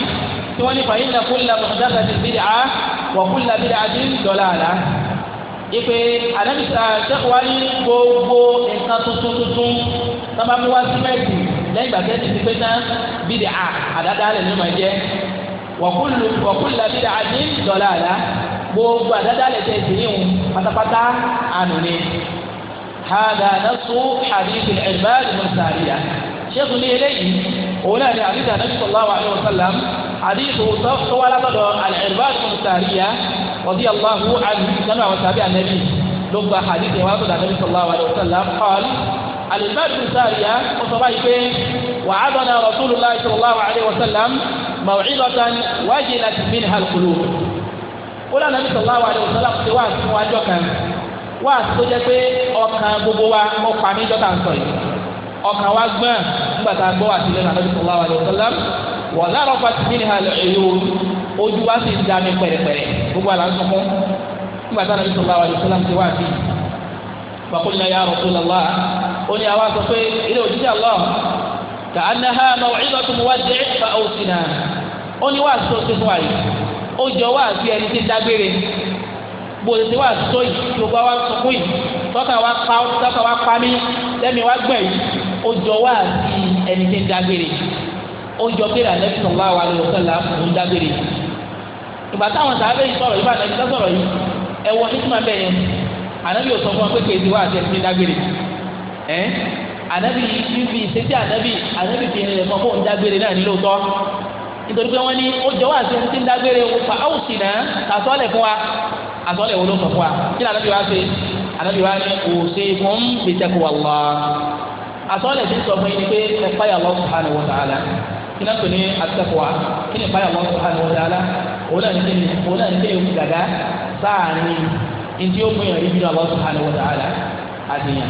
tí wọ́n ní fàyín na kulla muhdathatin bid'ah wa kulla bid'atin dalalah. ipe anamisa sẹ́kùn wa ní gbogbo nǹkan tuntun tuntun tábàmúwá símẹ́ǹtì lẹ́yìn gbàgbé ti ti pé tán bídìá àdádálẹ̀ ní ma jẹ́ wàkúlù wàkúlù àbídà àti dọ̀là àlá gbogbo àdáda lè tẹ̀ sí ìhun pátápátá ànú ni. هذا نص حديث العباد بن سارية شيخ لي إليه هنا حديث النبي صلى الله عليه وسلم حديث طوال العباد بن سارية رضي الله عنه سمع وتابع النبي لبى حديث ورد النبي صلى الله عليه وسلم قال alimadu sariya mọsọba yìí pé wàhálà rasulillah sallallahu alayhi wa sallam mawcidatan wajilat min halkulu wọn lànà bí sallallahu alayhi wa sallam ti wá sí wájọ kan wá sí tó jẹ pé ọkàn gbogbo wa ó pa mí jọta sọ yìí ọkàn wa gbọ́n nígbà tá a gbọ́ wá sí lẹ́nu àná bí sallallahu alayhi wa sallam wọ́n lára ọkọ̀ àti mí wa sì ń da gbogbo àlà ń sunkún nígbà tá sallallahu alayhi wa sallam ti wá sí i. فقلنا يا رسول الله ó ní àwa sọ pé ilé òjijì Allah ka'annaha maw'izatu muwaddi' fa awsina ó ní wàásù tó fún wa ó jọ wàásù ẹni tí dágbére gbòòrò yìí tí o bá wa pa wa pa mí lẹ́mi wa gbẹ̀ yìí ó jọ ẹni tí dágbére ó jọ kéèrè àlẹ́bí wa dágbére ìgbà táwọn yìí sọ̀rọ̀ yìí bá àlẹ́bí sọ̀rọ̀ ẹ anabi ibi ìṣesí anabi anabi fi a ẹ̀fọ́ fóun dágbére náà nílòótọ́ nítorí pé wọ́n ní ó jọ wá sí ohun tí ń dágbére o fa áwùsì náà àsọ́lẹ̀ fún wa àsọ́lẹ̀ wo ló sọ fún wa kí ni anabi wa ṣe anabi wa ní òsè fún wà sọ fún yín pé ẹ fáyà kí náà tó ní kí ni fáyà òun náà ní kí ni òun náà ní kí ni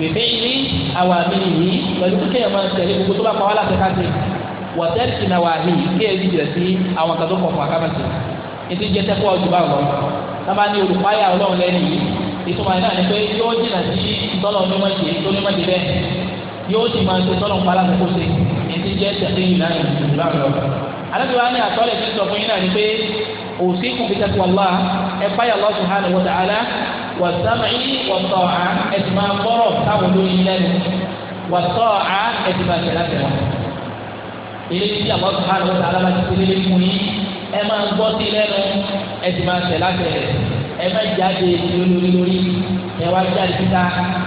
bèbè ilé àwọn àmì nìyí pẹ̀lú kí kéèyàn máa tẹ̀lé gbogbo tó bá pa wá láti ká sí wọ̀tẹ́lì ti na wà ní kéèyàn ti jìrẹ̀ sí àwọn kan tó kọ̀ fún akámẹ́sì ètò ìjẹ tẹ́kọ̀ ọ̀jù bá lọ sábà ní olùpáyà ọlọ́run lẹ́nu yìí ìtumọ̀ náà ni pé yóò jìnà sí tọ́lọ̀ onímọ̀jì tó onímọ̀jì bẹ́ẹ̀ yóò ti máa ṣe tọ́lọ̀ ńpa láti kó ṣe ètò ìjẹ tẹ̀lé ìlànà ìlú bá lọ. alábìwá ní àtọ́lẹ̀ fi sọ fún yín náà ni pé òsì kùn fi tẹ́kọ̀ ọ̀la ẹ̀fáyà Allah subhanahu wàsámì wàtọ́à ẹ̀sìn máa gbọ́rọ̀ táwọn olóyin lẹ́nu wàtọ́à ẹ̀sìn máa tẹ̀lé àtẹ̀lá. ilé tí àwọn ọ̀sán àwọn ọ̀sán alábà ti tẹ̀lé lé fún yín ẹ máa ń gbọ́ sí lẹ́nu ẹ̀sìn máa tẹ̀lé àtẹ̀lá ẹ má jáde lórí lórí ẹ wá jáde síta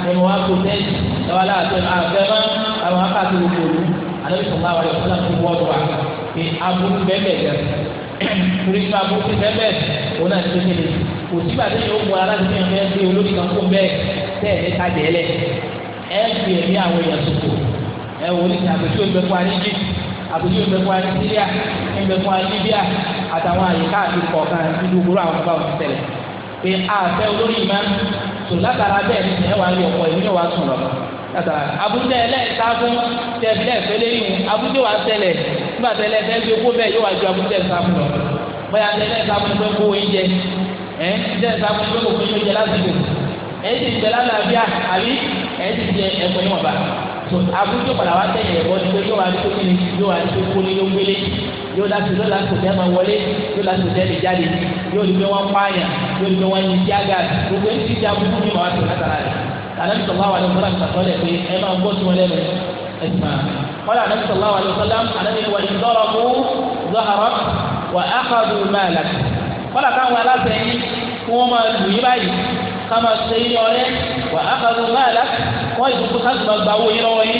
ẹ wá kó tẹ́sì ẹ wá láàbẹ̀ àbẹ̀mọ́ àwọn akáàtì gbogbo olú àdébìsọ̀ torí pé abúlé ti fẹ́ bẹ́ẹ̀ òun náà ti tó kéde kò sígbà tí yóò wọ aláàbí yẹn fẹ́ gbé olórí kan kó bẹ́ẹ̀ tẹ́ ẹ̀ ká jẹ́ lẹ̀ ẹ̀ fi ẹ̀mí àwọn èèyàn sòkò ẹ̀ wò ní àpèjúwe ìgbẹ́kọ̀ wa ní Egypt àpèjúwe ìgbẹ́kọ̀ wa àtàwọn àyíká àti kọ̀ọ̀kan nínú gbogbo àwọn bá wọn tẹ̀lẹ̀ pé àfẹ́ olórí ìmá tò látara bẹ́ẹ̀ ní ẹ̀ wá nígbà tẹ́lẹ̀ tẹ́lẹ̀ fi owó bẹ́ẹ̀ yóò wá ju abúlé ẹ̀sàmù lọ bóyá tẹ́lẹ̀ ẹ̀sàmù ẹgbẹ́ kó oyin jẹ ẹ̀ tẹ́lẹ̀ ẹ̀sàmù ẹgbẹ́ kó oyin jẹ lásìkò ẹ̀ ti jẹ lálàáfíà àbí ẹ̀ ti jẹ ẹ̀kọ́ níwọ̀n bá àbújọ padà wá tẹ̀yìn ẹ̀kọ́ ní pé yóò wá ní tó kíni yóò wá ní tó ní yóò gbélé yóò láti yóò láti òtẹ́ máa wọlé yóò láti òtẹ́ lè jáde yóò ní pé wọ́n pààyàn yóò ní pé wọ́n yin tíága قال النبي صلى الله عليه وسلم الذي وإن ضربوا ظهرك وأخذوا مالك قال كان ولا سيدي وما يبالي kama seyi ọlẹ wa akadu maala kọ ìdókò kásùmá gba owó yìí lọ́wọ́ yìí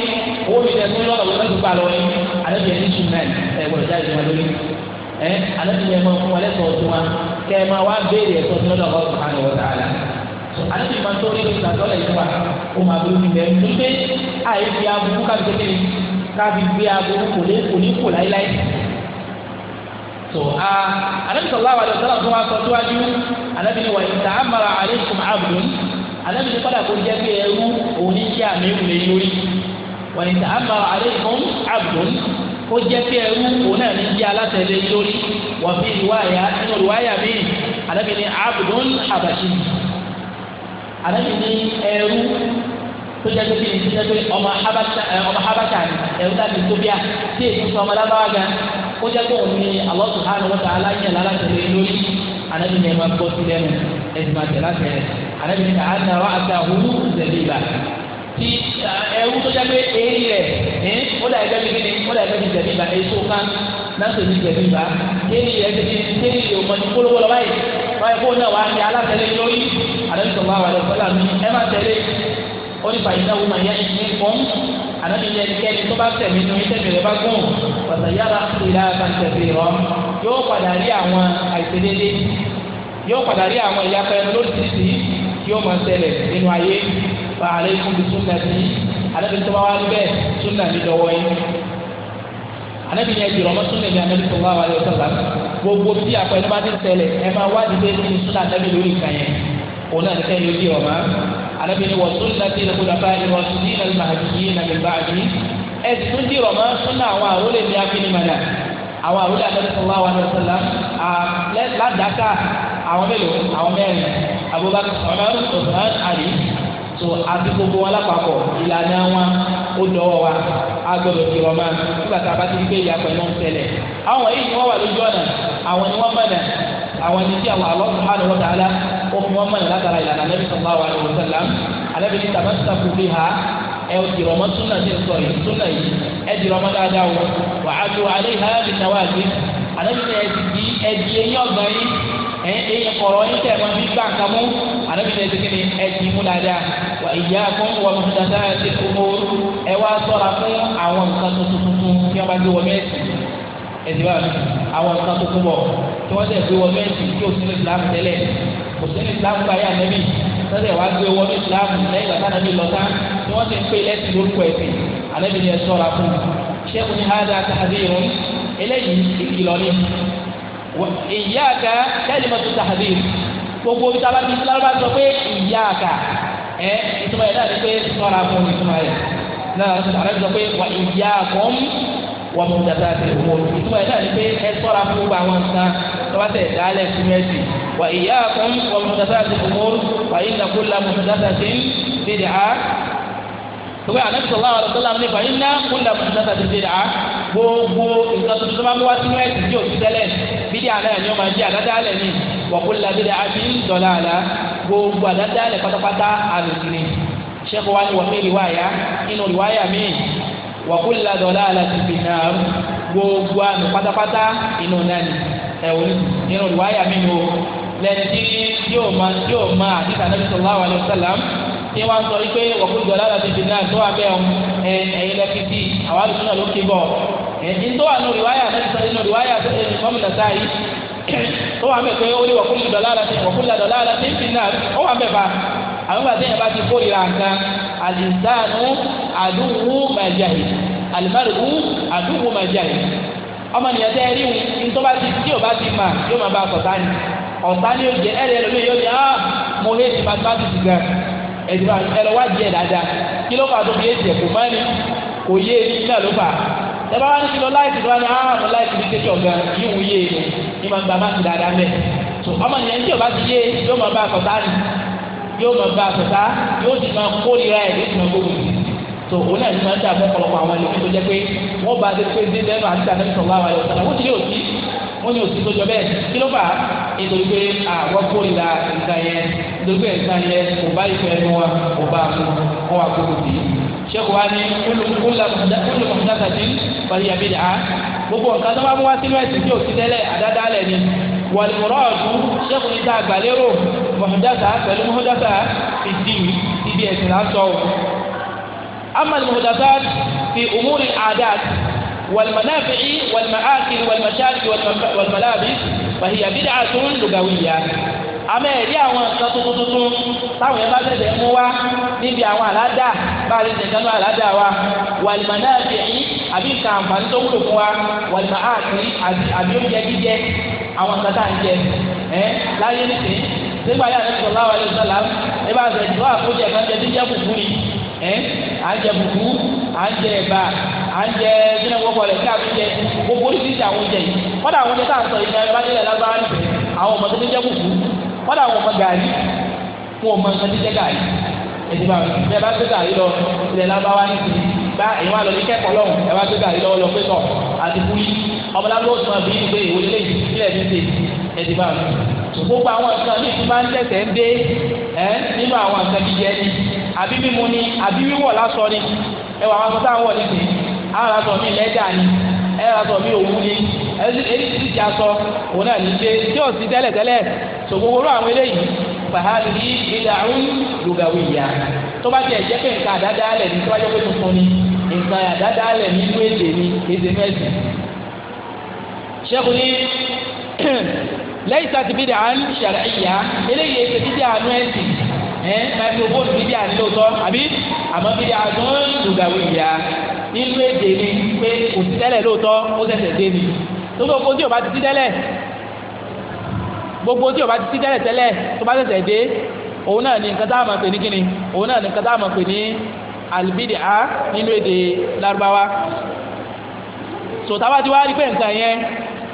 owó mi dẹkun lọ́wọ́ lọ́wọ́ lọ́wọ́ gba lọ́wọ́ yìí alẹbi ẹni tún mẹ ẹ gbọ́dọ̀ jáde ní wọn lórí ẹ alẹbi ẹni máa fún wa lẹsọ ọtún wa kẹ ẹ máa wá béèrè ẹ̀tọ́ tí lọ́dọ̀ ọkọ sùn àná wọta àlà alẹbi máa tó ní ìgbà tó lẹ́yìn wa ó máa bẹ omi bẹ ẹ nígbẹ àyè fi abúkú kábi kékeré káàbí gbé aburú kò ní kò ní kò láíláí tó a anabi sọlá wa dọ̀tọ́lá tó wá sọ síwájú anabi ni wà ìta amara aleikum abdul anabi ni kọ́dà kó jẹ́ pé ẹrú òun ní kí àmì ìwúlẹ̀ yín lórí wà ìta amara aleikum abdul ó jẹ́ pé ẹrú òun náà ní kí alátẹ̀lé yín wà fi ìwáyà nínú ìwáyà mi anabi ni abdul habashi anabi ni ẹrú tó jẹ́ pé kí ni tó jẹ́ pé ọmọ habata ẹ̀rú tàbí tóbíà tí èyí sọ ọmọ lábáwá gan ó jẹ́ pé òun ni Allah subhanahu wa ta'ala aláṣẹlẹ̀ lórí anabi ni ẹ máa gbọ́ sí lẹ́nu ẹ̀sìn máa tẹ̀ láti rẹ̀ anabi ni káà nà wá àti àwùrú zẹ̀lẹ̀ ìbà tí ẹ̀rú tó jẹ́ pé èyí rẹ̀ ó dà ẹgbẹ́ mi kí ni ó dà ẹgbẹ́ mi zẹ̀lẹ̀ ìbà èso ó ní fàyínà wò máa yá ìdí kọ́m ànábi ní ẹnikẹ́ni tó bá tẹ̀mí nu tẹ̀mí rẹ̀ bá gùn wàtàyára ìlà àbàǹtẹ̀sì rọ yóò padà rí àwọn àìṣedédé yóò padà rí àwọn ìyapa ẹnu lóríṣiríṣi yóò máa ṣẹlẹ̀ nínú ayé fàálẹ̀ ìkúndùn súnà sí ànábi tó bá wá níbẹ̀ súnà ní lọ́wọ́ yín anabi ni ẹdi rọmọ sunna ni anabi sallallahu alaihi wasallam gbogbo tí akọ bá ti ṣẹlẹ̀ ẹ máa wá òun náà nìkan yóò di ọ̀ma alábìíní wọ sunnati al-khulafa ar-rashidin al-mahdiyyin min ba'di ẹ ti tún di ọ̀ma súnà àwọn àrólé ní afinimọ̀nà àwọn àrólé Ànábì sallallahu alaihi wasallam ládàáká àwọn mélòó àwọn mẹ́rin Abubakar Umar Uthman Ali so àti gbogbo wọn lápapọ̀ ìlànà wọn ó dọ̀wọ́ wa a gbọ́dọ̀ fi ọmọ nígbà tá a bá ti di pé ìyá pẹ̀lú ń tẹ̀lẹ̀ àwọn yìí ni wọ́n wà lójú ọ̀nà àwọn ni wọ́n mọ̀nà àwọn ni tí àwọn Allah subhanahu wa ta'ala ó fi wọ́n mọ̀ látara ìlànà Ànábì sallallahu alaihi wasallam Ànábì ní tamasaku biha ẹ ò dìrọ̀ mọ́ súnà tí ń sọ yìí súnà yìí ẹ dìrọ̀ mọ́ dáadáa o wà á lo alẹ́ ìhà bí nàwáàdì Ànábì ní ẹ̀dì ẹ̀dì ẹ̀yìn ọ̀gbà yìí ẹ̀yìn kọ̀rọ̀ yìí tẹ̀ máa fi gbà ń kamú Ànábì ní ẹ̀dì kìíní ẹ̀dì mú dáadáa wà ìyá fún wọn fún dáadáa ti kú mọ́ ẹ wá sọ́ra fún àwọn nǹkan tuntun tí wọ́n bá gbé wọ mẹ́sì kò sí ní islam gba yà nẹ́bí sọ́dẹ̀ wá gbé wọ́n ní islam lẹ́yìn ìgbà táwọn ẹbí lọ tán ni wọ́n ti ń pè lẹ́sìn lórúkọ ẹ̀sìn àlẹ́bí ni ẹ sọ́ra fún un ní hádà tàhàdìrún eléyìí ìkìlọ̀ ni ìyáàkà kẹ́lìmọ̀tò tàhàdìrún gbogbo bí tábà bí lábàá sọ pé ìyáàkà ẹ ìtumọ̀ yẹn náà ni pé sọ́ra fún ìtumọ̀ yẹn náà àlẹ́bí sọ pé wà ìyáàkùn wọ́n mú jata ti mú o ìtumọ̀ ẹ̀ náà ni pé ẹ sọ́ra fún gbogbo àwọn nǹkan tọ́wọ́ dálẹ̀ fún mẹ́sì wà ìyá kan wọ́n mú jata ti mú o wà yín nàkó la mú jata ti ń bèdè á tọ́wọ́ àná sọ̀rọ̀ àwọn ọ̀rọ̀ sọ́la ní bà yín ná kó la mú jata ti bèdè á gbogbo nǹkan tuntun tó bá mú wá sí mẹ́sì tí ò ti tẹ́lẹ̀ bídí àná ẹ̀ ni ó máa jẹ́ àdádálẹ̀ ni wọ́n kó la bèdè á fi ń dọ̀lá àlá gbogbo àdádálẹ̀ pátápátá àlùkìrì sẹ́kọ̀ọ́ wa ni wọ́n mi rìwáyà inú rìwáyà míì wàkúlì ladọ̀lá aláàtìfì náà gbogbo àmì pátápátá inú náà ni ẹ̀wọ̀n nínú ìwáyà mímu lẹ́ni tí yóò máa yóò máa àdìsá nàbí sallallahu alaihi wasallam tí wọ́n sọ wípé wàkúlì dọ̀lá aláàtìfì náà tó wà bẹ́ẹ̀ ẹ ẹ̀yin lẹ́kì tí àwọn àdùsùn náà ló ké bọ̀ ẹ̀yìn tó wà nínú ìwáyà nínú ìwáyà mọ́mìnà sáyì tó wà mẹ́ ó ní wàkúlì dọ̀lá aláàtìfì náà ó wà mẹ́ àwọn bàtà yẹn bá ti kórìíra nǹkan àlìsànù àdúgbò màjáì àlìmárùkù àdúgbò màjáì ọmọ nìyẹn tẹ́ rí ntọ́ bá ti tí o bá ti mà yóò máa bá ọ̀tá ni ọ̀tá ni yóò jẹ ẹ̀rẹ́ ẹlòmíì yóò jẹ ah mo hé ti mathematics gan ẹ̀dùnmá ẹ̀rọ wá jẹ dáadáa kí ló fà tó fi èsì ẹ̀kọ́ mọ́ ni kò yé e ní ló fà tẹ́lá wá ní kí lọ láìsí lọ́wọ́ ni ah mo láìsí ní tẹ́tọ̀ gan yíwù yé ni ní máa ń gba máàkì dáadáa mẹ́ ọmọ nìyẹn tí o bá ti yé yóò máa bá ọ̀tá ni yóò máa bá àtẹ̀tà yóò sì máa kórìíra ẹ̀ lóṣù náà gbogbo yìí tó òun náà ní máa ń dà fún ọ̀pọ̀lọpọ̀ àwọn ẹlòmíì tó jẹ́ pé wọ́n bá dé pé dé dẹ́rẹ́ máa ń dà fún ìṣọ̀lá àwọn ẹlòmíì wọ́n ti lé òsì wọ́n ní òsì tó jọ bẹ́ẹ̀ kí ló fà á nítorí pé àwọn kórìíra nǹkan yẹn nítorí pé nǹkan yẹn kò bá ìfẹ́ ẹnu wa kò bá a fún wọn wà gbogbo sí i sẹ́kù wa ní kúlùmọ̀dáta ti pàṣẹ àbídà gbogbo nǹkan tó bá mú wá sínú ẹ̀sìn tí òsì tẹ́lẹ̀ àdádálẹ̀ ni wàlúmọ̀rọ́ọ̀dù sẹ́kùn níta àgbàlérò mọ̀húndàtà pẹ̀lú mọ̀húndàtà ìdí ibi ẹ̀sìn lásọ̀ o. amal mọ̀húndàtà fi umuri adat والمنافع والمآكل والمشارب والملابس فهي بدعة لغوية àmọ́ ẹ̀rí àwọn nǹkan tuntun tuntun táwọn yẹn bá tẹ̀sẹ̀ mú wá níbi àwọn àládà bá a lè tẹ̀sẹ̀ lọ àládà wa wàlìmọ̀ náà fi ẹ̀yìn àbí nǹkan àǹfààní tó wúlò fún wa wàlìmọ̀ àbí oúnjẹ jíjẹ àwọn kàtà ń jẹ ẹ láyé nìkan nígbà yà rẹ sọlá wa yóò sọlá ẹ bá sọ ìdúrà àkójọ ẹ̀ka jẹ níjẹ bùbù ni ẹ à ń jẹ bùbù à ń jẹ ẹ̀bà à ń jẹ sínú gbogbo rẹ káà ń jẹ gbogbo oríṣiríṣi àwọn oúnjẹ yìí kọ́dà àwọn oúnjẹ tá à ń sọ yìí náà bá délẹ̀ lágbára nìkan àwọn ọmọ tó ní jẹ bùbù kọ́dà àwọn ọmọ gàrí fún ọmọ nǹkan jíjẹ gàrí ẹ̀dìbà ẹ̀ bá gbé gàrí lọ ilẹ̀ lágbára nìkan bá ìwà lọ ní kẹ́kọ̀ọ́ lọ́hùn ẹ̀ bá gbé gàrí lọ́wọ́ lọ pé tọ̀ àti kúlí ọmọlábọ̀ tó máa bí ìgbé ìwé lé ìsílẹ̀ níbi ẹ̀dì máa mi. gbogbo àwọn nǹkan mi ti máa ń tẹ̀sẹ̀ ń dé ẹ́ nínú àwọn nǹkan jíjẹ ni àbí mímu ni àbí wíwọ̀ lásọ ni ẹwà àwọn akọ́tà wọ̀ níbi àwọn aṣọ mi lẹ́dà ni ẹ̀rọ aṣọ mi òwú ni èyí ti ti aṣọ òun náà ní ṣe tí ò sí tẹ́lẹ̀ tẹ́lẹ̀ tó gbogbo rú àwọn eléyìí fàhálì ní ilẹ̀ àrùn lùgàwé ìyá tó bá tiẹ̀ jẹ́ pé nǹkan àdáda alẹ̀ ní tó bá jẹ́ pé tuntun ni nǹkan àdáda alẹ̀ nínú èdè ni èdè mẹ́sìn ṣẹ́kù ní lẹ́yìn sáà ti bí dàá ń ṣàrà ìyá eléyìí ètò bí dàá nú ẹ̀sìn ẹ̀ microphone bí dàá nílò tọ́ àbí àmọ́ bí dàá tó ń dùgàwé ìyá nínú èdè ni pé kò sí tẹ́lẹ̀ lóòótọ́ ó ṣẹ̀ṣẹ̀ dé ni tó bá kó tí o bá ti sí tẹ́lẹ̀ gbogbo tí o bá ti sí tẹ́lẹ̀ tẹ́lẹ̀ tó bá ṣẹ̀ṣẹ̀ dé òun náà ni nǹkan tá a máa pè ní kíni òun náà ni nǹkan tá a máa pè ní albidia nínú èdè lárúbáwá sòtáwá ti wá rí pé nǹkan yẹn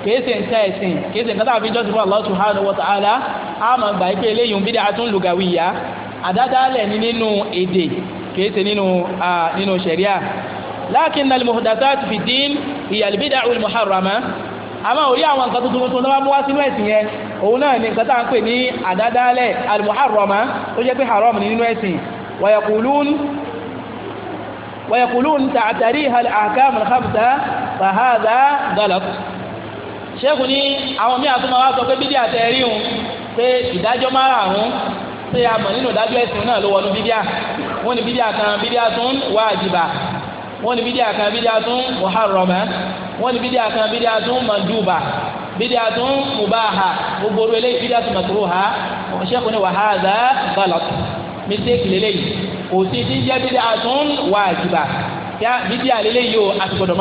kìí ṣe nǹkan ẹ̀sìn kìí ṣe nǹkan tàbí jọ́sìn fún Allah subhanahu wa ta'ala a máa gbà pé eléyìí bid'atun lugawiyya àdádálẹ̀ ní nínú èdè kìí ṣe nínú nínú ṣẹ̀ríà lakin al-muhdathat fi din hiya al-bid'u al-muharrama àmọ́ orí àwọn nǹkan tuntun tuntun tó bá mú wá sínú ẹ̀sìn yẹn òun náà ni nǹkan tá à ń pè ní àdádálẹ̀ al-muharrama tó jẹ́ pé haram ní nínú ẹ̀sìn wa yaqulun wa yaqulun ta'tariha al-ahkam al-khamsa ṣéèkù ní àwọn míì àtúmọ̀ wá sọ pé bídíà tẹ rí òun pé ìdájọ́ márààrún pé a mọ̀ nínú ìdájọ́ ẹ̀sìn náà ló wọnú bídíà wọ́n ní bídíà kan bídíà tún wájìbà wọ́n ní bídíà kan bídíà tún muharrama wọ́n ní bídíà kan bídíà tún manduba bídíà tún mubaha gbogbo orí eléyìí bídíà tún makruha ṣéèkù ní wàhálà galat mistake lélẹ́yìí kò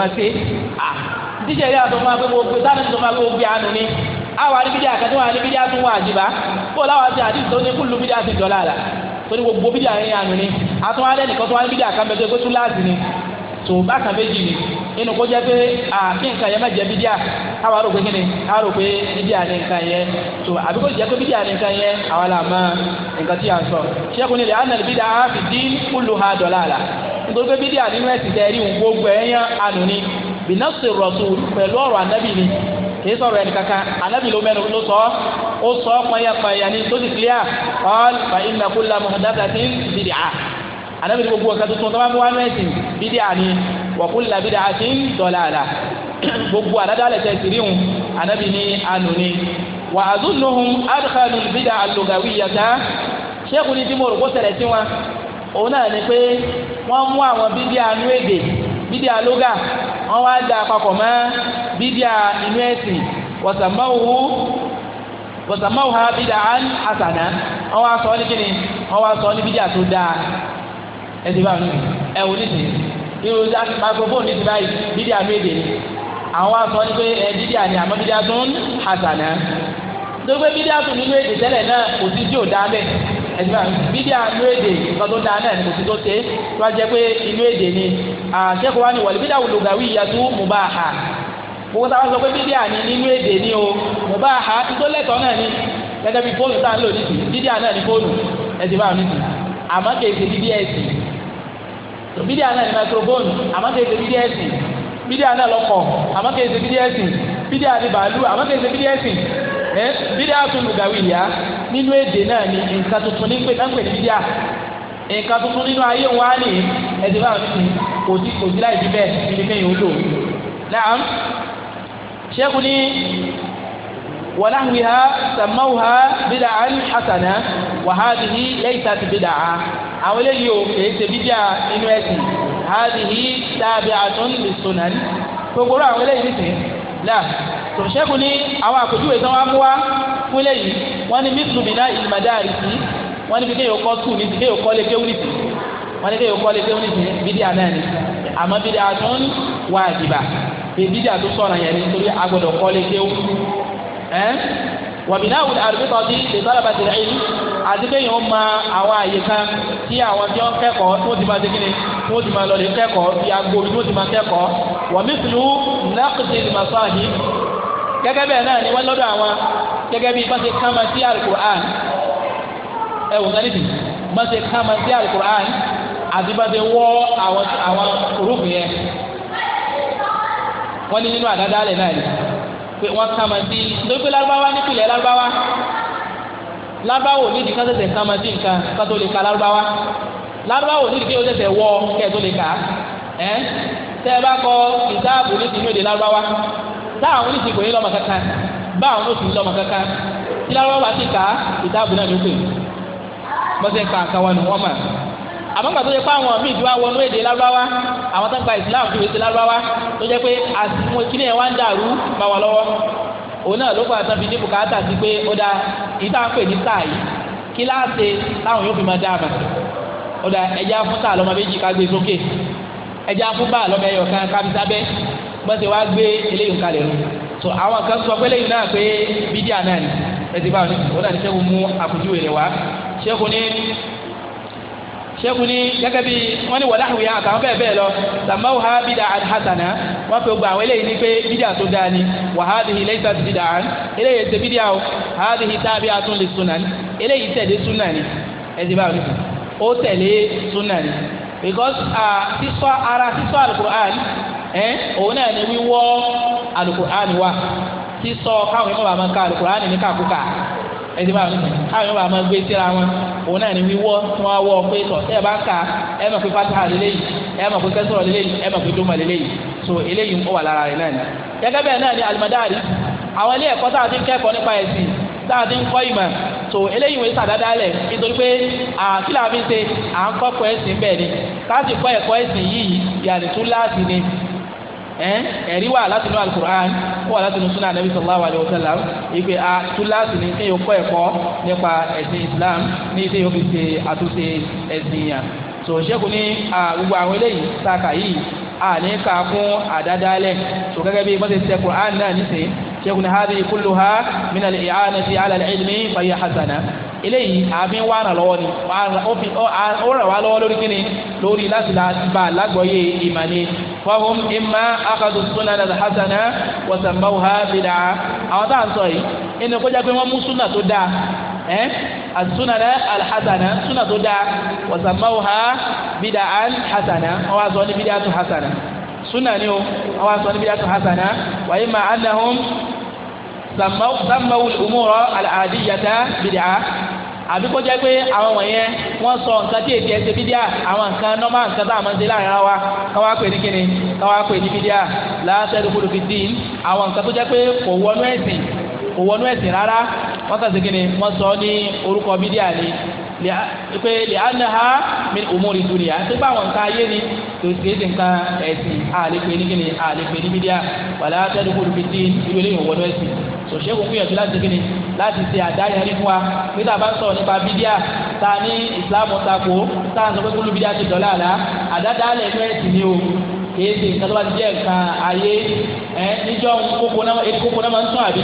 sí tíṣẹ̀ rí àtọ́ máa pé gbogbo sáà tó máa pé gbogbo àánú ni àwọn àdìbídí àkàtúwò àdìbídí àtúwò àjìbá kó láwọn àti àdìbí tó ní kúlù bídí àti ìjọ lára torí gbogbo bídí àárín àánú ni àtúwò alẹ́ nìkan tó wá bídí àkàmbẹ́ tó tó láàzì ni tó bá kàn méjì ni inú kó jẹ́ pé àfi nǹkan yẹn má jẹ́ bídí à káwa rò pé kí ni káwa rò pé bídí àní nǹkan yẹn tó àbí kó jẹ́ pé bídí àní nǹkan yẹn àwa là mọ nǹkan tí a sọ ṣẹ́kùn nílẹ̀ àná bídí à fi dín kúlù ha dọ̀là àlà nítorí pé bídí nínú ẹ̀sìn tẹ̀ òun gbogbo ẹ̀yán ànú ni bìnásì rọ̀tù pẹ̀lú ọ̀rọ̀ ànábì ni kìí sọ̀rọ̀ ẹni kankan ànábì ló mẹ́nu ló sọ ó sọ panyapanya ni tó ti clear all fa inna kulla muhdathatin bid'ah ànábì ni gbogbo nǹkan tuntun tó bá mú wá mẹ́sìn bid'ah ni wa kulla bid'atin dalalah [clears throat] gbogbo àdádálẹ̀ tẹ̀ sí ríhun ànábì ni ànú ni wà àdúnnùhùn adkhalu bid'ah al-lughawiyyah ṣéèkù ni tí mo rò kó ṣẹlẹ̀ sí wọn òun náà ni pé wọ́n mú àwọn bídíà nú èdè Bidi lóga wọ́n wá da papọ̀ mọ́ bídíà inú ẹ̀sìn wọ̀sàmáwò wọ̀sàmáwò ha bídíà án àsànà wọ́n wá sọ ní kíni wọ́n wá sọ ní bídíà tó dáa ẹ bá mi ẹ wò ní sìn irú microphone ní ti báyìí bídíà méje ni àwọn wá sọ ní pé ẹ bídíà ni àmọ́ bidi tó ń àsànà tó gbé bídíà tó nínú èdè tẹ́lẹ̀ náà kò sí tí ò dáa bẹ́ẹ̀ ẹ̀dùnmá bídíà inú èdè nǹkan tó dáa náà ní kòtí tó ṣe tó bá jẹ́ pé inú èdè ni àkẹ́kọ̀ọ́ wa ni wọ̀lẹ̀ bídíà lùgàwí ìyàtú mùbá àhà gbogbo táwọn sọ pé bídíà ni nínú èdè ni o mùbá àhà tó lẹ́tọ̀ọ́ náà ni gẹ́gẹ́ bí fóònù tá à ń lò nídìí bídíà náà ni fóònù ẹ̀dùnmá nídìí àmọ́ kèsì bídíà ẹ̀sìn bídíà náà ni microphone àmọ́ kèsì bídíà ẹ̀sìn bídíà náà lọkọ̀ àmọ́ kèsì bídíà ẹ̀sìn bídíà ni bàálù ẹ eh, bídíà tó nínú èdè náà ni nǹkan tuntun ní pé náà nǹkan tuntun nínú ayé wa ni ẹ̀sìn báwọn ti sìn kò láì fi bẹ́ẹ̀ níbi kẹ́yìn ó hasana wàhádìhí lẹ́yìn tàbí bídà á àwọn eléyìí ò kèé ṣe bídíà nínú ẹ̀sìn hádìhí tàbí àtúndì sunan gbogbo àwọn eléyìí là tòṣẹ́kù ní àwọn àpèjúwe tí wọ́n mú wá fún eléyìí wọ́n ní mísùlù bìnà ìlmàdáàrí sí wọ́n ní kéèyàn kọ́ skul ní kéèyàn kọ́ lé kéwù nìsí wọ́n ní kéèyàn kọ́ lé kéwù nìsí bídí àná ni àmọ́ bídí àtún wà àdìbà bídí àtún sọ̀rọ̀ yẹn nítorí agbọ́dọ̀ kọ́ lé kéwù ẹ́ wàbínáwó àrùbítọ́ ti lè tọ́lábà ti rẹ̀ yìí àti pé yìí ó ma àwọn àyè kan tí àwọn tí wọ́n kẹ́kọ̀ọ́ tí wọ́n ti máa ṣe kíni tí wọ́n ti máa lọ lè kẹ́kọ̀ọ́ bí agbo tí wọ́n ti máa kẹ́kọ̀ọ́ wàmísìlú nàkìtì màsáàhì gẹ́gẹ́ bẹ́ẹ̀ náà ni wọ́n lọ́dọ̀ àwọn gẹ́gẹ́ bí bá ṣe kama sí alukur'an ẹ wò sani bì bá ṣe kama sí alukur'an àti bá ṣe wọ́ àwọn àwọn orúkú yẹn wọ́n ní nínú àdáda alẹ́ náà pé wọ́n ká máa dín nítorí pé lárúbáwá nípìnlẹ̀ lárúbáwá lárúbáwò ní ìdíkan tẹ̀sẹ̀ ká máa dín nǹkan ká tó lè ka lárúbáwá lárúbáwò ní ìdíkan tẹ̀sẹ̀ wọ kẹ́ tó lè kà á ẹ́ tẹ́ ẹ bá kọ ìdáàbò ní ìdíkan èdè lárúbáwá táwọn oníṣègùn yín lọ́mọ kankan bá àwọn oṣù lọ́mọ kankan tí lárúbáwá ti kà á ìdáàbò náà ló pè bọ́sẹ̀ kà á kà wọn wọ́n mọ̀ àmọ́ gbà tó yẹ pé àwọn míì ti wá wọnú èdè lárúbáwá àwọn tó ń gba islam fi wèsì lárúbáwá tó jẹ́ pé àsìmọ́ kíní ẹ̀ wá ń dàrú bá wà lọ́wọ́ òun náà ló fà tán fi ní bùkátà sí pé ó da ìta ń pè ní sáà yìí kí láàṣẹ táwọn yóò fi máa dáàbà ó da ẹja fún sáà lọ́mọ méjì ká gbé sókè ẹja fún báà lọ́mọ ẹyọ kan ká sábẹ́ bọ́n wá gbé eléyìí kalẹ̀ so àwọn kan sọ pé eléyìí náà pé bídíà náà ni ẹ ti bá wọn ní ọ̀dà ní sẹ́kù ní gẹ́gẹ́ bí wọ́n ní wàláhùn yẹn àtàwọn bẹ́ẹ̀ bẹ́ẹ̀ lọ sàmáwò ha bídà àti wọ́n fi gba àwọn eléyìí ní pé bídà tó dáa ni wàhádìhì lẹ́yìn tàbí bídà án eléyìí tẹ bídà o hádìhì tábí atún lè sunan eléyìí tẹ̀lé sunan ni ẹ̀sìn báwo ni ó tẹ̀lé sunan ni because sísọ ara sísọ alukur'an ẹ̀ òun náà ni wíwọ́ alukur'an wa sísọ káwọn ìmọ̀ bàbá ká alukur'an ní kàkúkà ẹtì bá wọn káwọn yóò bá máa gbé síra wọn òun náà ní wíwọ́ tí wọ́n wọ́ pé tọ̀ ẹ bá ń ka ẹ mọ̀ pé fata lélẹ́yìí ẹ mọ̀ pé kẹsọ̀rọ̀ lélẹ́yìí ẹ mọ̀ pé dóma lélẹ́yìí so eléyìí ó wà lára rẹ̀ náà ni. gẹ́gẹ́ bẹ́ẹ̀ náà ni alimadari àwọn ilé ẹ̀kọ́ táà ti ń kẹ́kọ̀ọ́ nípa ẹ̀sìn táà ti ń kọ́ ìmọ̀ so eléyìí wọ́n sàdáadáa lẹ̀ nítorí pé àkílà fi ṣe à ń kọ́ ẹ̀kọ́ ẹ̀sìn bẹ́ẹ̀ ni káàsì kọ́ ẹ̀kọ́ ẹ̀sìn yìí yàrá tún ni ẹ̀rí wà látinú alukur'an wà látinú sunna anabi sallallahu alayhi wa sallam ìpè a túláàsì ní kéèyàn kọ́ ẹ̀kọ́ nípa ẹ̀sìn islam ní ìdí yóò fi ṣe àtúnṣe ẹ̀sìn yàn so ṣẹ́kù ní gbogbo àwọn eléyìí sáàkà yìí a ní ká fún àdádálẹ̀ so gẹ́gẹ́ bí bọ́sẹ̀ ṣe kur'an náà níṣẹ́ ṣẹ́kù ní hadhihi kulluha min al eléyìí àfi ń wá ràn lọ́wọ́ ni ó ràn wá lọ́wọ́ lórí kíni lórí láti bá a lágbọ́yé ìmàní fọwọ́n ìmá akadu sunna nàdà hasana wọ́sàmbáwò ha bìdà àwọn tá à ń sọ yìí ẹni kó jẹ́ pé wọ́n mú sunna tó dáa ẹ́ àsunna náà alhasana sunna tó dáa wọ́sàmbáwò ha bìdà án hasana wọ́n wá sọ ní bìdà tó hasana sunna ni o wọ́n wá sọ ní bìdà tó hasana wàyí ma anahum sàmàwù umura al yata bidia. àbí kó jẹ́ pé àwọn wọ̀nyẹn wọ́n sọ nǹkan tí èdè ẹsẹ̀ bídíà àwọn nǹkan nọ́mà nǹkan tá a máa ń ṣe láàrin ara wa káwá pè ní kíni káwá pè ní bídíà láàṣẹ́dù kúrò fi dín àwọn nǹkan tó jẹ́ pé kò wọnú ẹ̀sìn kò wọnú ẹ̀sìn rárá wọ́n kà sí kíni wọ́n sọ ní orúkọ bídíà ni pé lè ana ha mi òmùrì dúnìyà tó bá àwọn nǹkan ayé ni tó ti ṣe nǹkan ẹ̀sìn àlè pè ní kíni àlè pè ní bídíà wàlá àṣẹ́dù fi dín ìwé tó ṣe kò gbìyànjú láti kíni láti ṣe àdáyẹrí fún wa pété àbá ń sọ̀rọ̀ nípa bídíà ta ní ìsìlámù takò tá à sọ pé kúlù bídíà ti dọ̀là àlá àdádálẹ̀ inú ẹ̀sìn ni o kìí ṣe nǹkan tó bá ti jẹ́ nǹkan ayé ẹ níjọ́ kókó náà máa ń tún àbí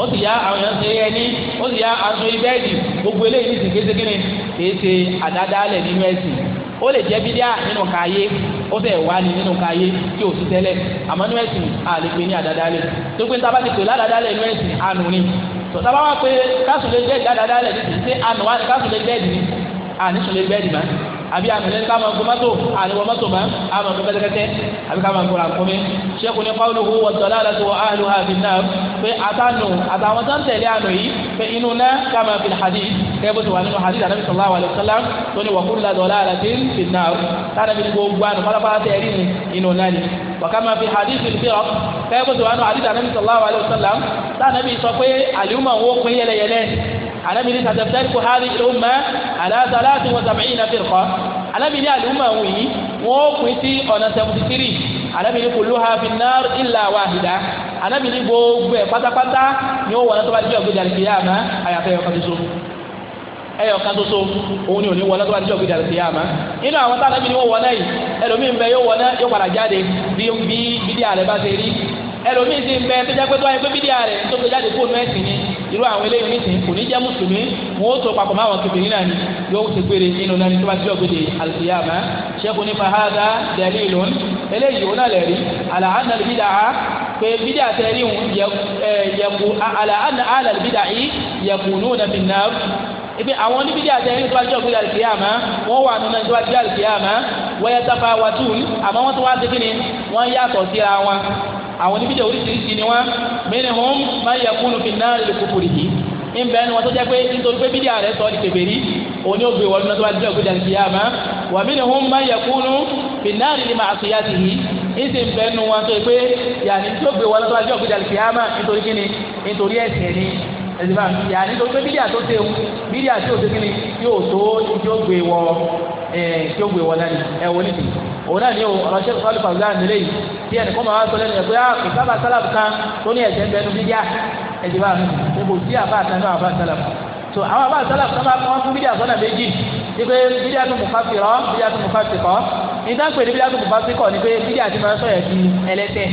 ó sì yá àwọn èèyàn ṣe é ẹni ó sì yá aṣọ ibẹ́ẹ̀dì gbogbo eléyìí ní ìsìn kéṣe kíni kìí ṣe àdádálẹ̀ nínú ẹ̀sìn ó lè jẹ́ bídíà nínú kàáyé ó fẹ́ wá ní nínú káyé tí ò sí tẹ́lẹ̀ àmọ́ nínú ẹ̀sìn àlepé ní àdádálẹ̀ tó pé tábà ti pè ládàádálẹ̀ nínú ẹ̀sìn àánú ni tọ́tà bá wà pé kásùlẹ̀ jẹ́ẹ̀dì àdádálẹ̀ ti ti ṣe àánú wa ni kásùlẹ̀ jẹ́ẹ̀dì ni àníṣùlẹ̀ jẹ́ẹ̀dì máa àbí àmìlẹ́ ká máa gbọ́ mọ́tò àníwọ̀ mọ́tò mọ́ àmọ̀ gbọ́ kẹ́tẹ́kẹ́tẹ́ àbí ká máa gbọ́ àkómi ṣẹ́kù ní pàwọn olùkọ́ wọ̀ tọ́lá àlọ́ tó wọ́n àlọ́ àbí náà pé àtànù àtàwọn tó ń tẹ̀lé àná yìí pé inú náà ká máa fi hadi kẹ́ bó ti wà nínú hadi ànábi sallallahu alaihi wasallam tó ní wàkúrú la dọ̀lá àlọ́ tí ń fi náà tánàbí ní gbogbo àná pátápátá tẹ̀ rí ni inú náà ni wàká máa fi hadi fi fi rọ kẹ́ bó wà nínú hadi ànábi sallallahu alaihi wasallam tánàbí sọ pé àlùmọ̀ wo pín yẹlẹyẹlẹ anábì ní sàtẹ̀tẹ̀rì kò hárí ìlúmọ̀ àdáta láti wọn sàmì ìnà fìrkọ́ anábì ní àlùmọ̀ àwọn yìí wọ́n pín sí ọ̀nà seventy three anábì ní kò ló ha fi náà ìlà wàhídà anábì ní gbogbo ẹ̀ pátápátá ni ó wọ̀ náà tó bá dé ọ̀gbẹ́jà kìyàmá àyàfẹ́ ọ̀kan tó so ẹyọ kan tó so òun ni ò ní wọlé tó bá ti jọ gbèdà sí àmà nínú àwọn tá a lẹbi ni wọn wọlé yìí ẹlòmíín bẹ yóò wọlé yóò padà irú àwọn eléyìí oníṣìí kò ní jẹ́ mùsùlùmí wọn ó tó papọ̀ máwọn kìfìrí náà ni yóò ti gbére nínú náà ní tó bá ti lọ́gbé de alùpùpù sẹ́kù ní fahadà dẹ̀lí ìlún eléyìí òun náà lẹ̀ rí àlàáńdà bídà á pé bídà tẹ̀rí ń yẹku àlàáńdà àlàbídà yìí yẹku ní òun fi nà ibi àwọn oníbídà tẹ̀rí tó bá ti lọ́gbé de alùpùpù wọn wà nínú tó bá ti lọ́gbé de alùpùpù wọ́n yẹ àwọn oníbídà oríṣiríṣi ni wọ́n minhum man yakunu fi nari li kufrihi nbẹ ni wọn tó jẹ pé nítorí pé bídíà rẹ sọ ọ di kèfèrí òní òbí wọn lọ́dọ̀ bá dídọ̀ gbẹdẹ ti yá ma wa minhum man yakunu fi nari li ma'siyatihi ìsìn bẹ nu wọn tó pé yàní tó gbé wọn lọ́dọ̀ bá dídọ̀ gbẹdẹ ti yá ma nítorí kíni nítorí ẹ̀ṣẹ̀ ni ẹ̀sìnfà yàní tó pé bídíà tó tẹ̀wù bídíà tí ò tẹ̀ kíni yóò tó tí ó gbé wọ ẹ̀ tí ó gbé nìyí òun náà ní o ọ̀rọ̀ ṣe sọ́ọ́lù pàṣẹ àmìlẹ̀ yìí bí ẹnì kan máa wá sọ ẹ̀ pé a ah, kò sábà sálàbù kan tó ní ẹ̀jẹ̀ ń bẹnu bídíà ẹ̀jẹ̀ bá mi ṣe kò sí àbá àtàlù àbá sálàbù so àwọn àbá sálàbù kan bá wọn fún bídíà sọ́nà méjì ní pé bídíà tó mùfá fi rọ́ bídíà tó mùfá fi kọ́ ní dáńpẹ̀ ní bídíà tó mùfá fi kọ́ ni pé bídíà ti máa sọ̀rọ̀ di ẹlẹ́tẹ̀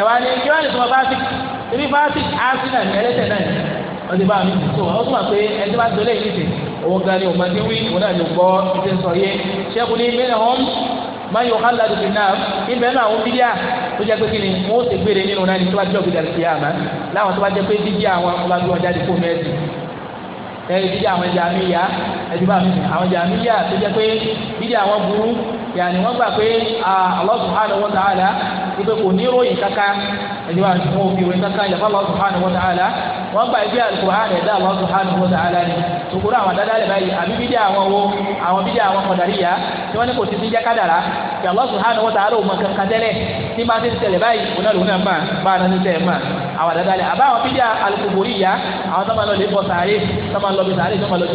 ẹ̀wà ni kí wọ́n lè sọ fásitì ebi fásitì áásì náà ni ẹlẹ́tẹ̀ náà ọdí bá mi tó ọ tún wà pé ẹni máa yọ hàn ládùúgbò náà ibẹ̀ náà àwọn bídíà tó jẹ́ pé kí ni wọ́n ó sì gbére nínú náà ní tó bá jẹ́ òkèdè àti àmà láwọn tó bá jẹ́ pé bídíà àwọn ọba bí wọ́n jáde kó mẹ́ẹ̀sì ẹ̀rí bídíà àwọn ẹja àmìyá ẹ̀dí bá mi àwọn ẹja àmìyá tó jẹ́ pé bídíà àwọn burú yàní wọ́n gbà pé Allah subhanahu wa ta'ala ìpè kò ní ròyìn kankan ẹ̀dí wàá fún òfin òwe kankan yàtọ̀ Allah subhanahu wa ta'ala wọ́n gba ẹgbẹ́ alukur'an ẹ̀dá Allah subhanahu wa ta'ala ni tòkúrò àwọn dáadáa lè báyìí àbí bídí àwọn wo àwọn bídí àwọn kọ̀dàríyà tí wọ́n ní kò sí ti jẹ́ kádàrá kí Allah subhanahu wa ta'ala ò mọ kankan tẹ́lẹ̀ ní máa ti ń tẹ̀lé báyìí òun náà lòun náà mà bá a náà ti tẹ̀ mà àwọn dáadáa lè àbá àwọn bídí alukuburiya àwọn tó máa lọ lè sàárè tó máa lọ bí sàárè tó máa lọ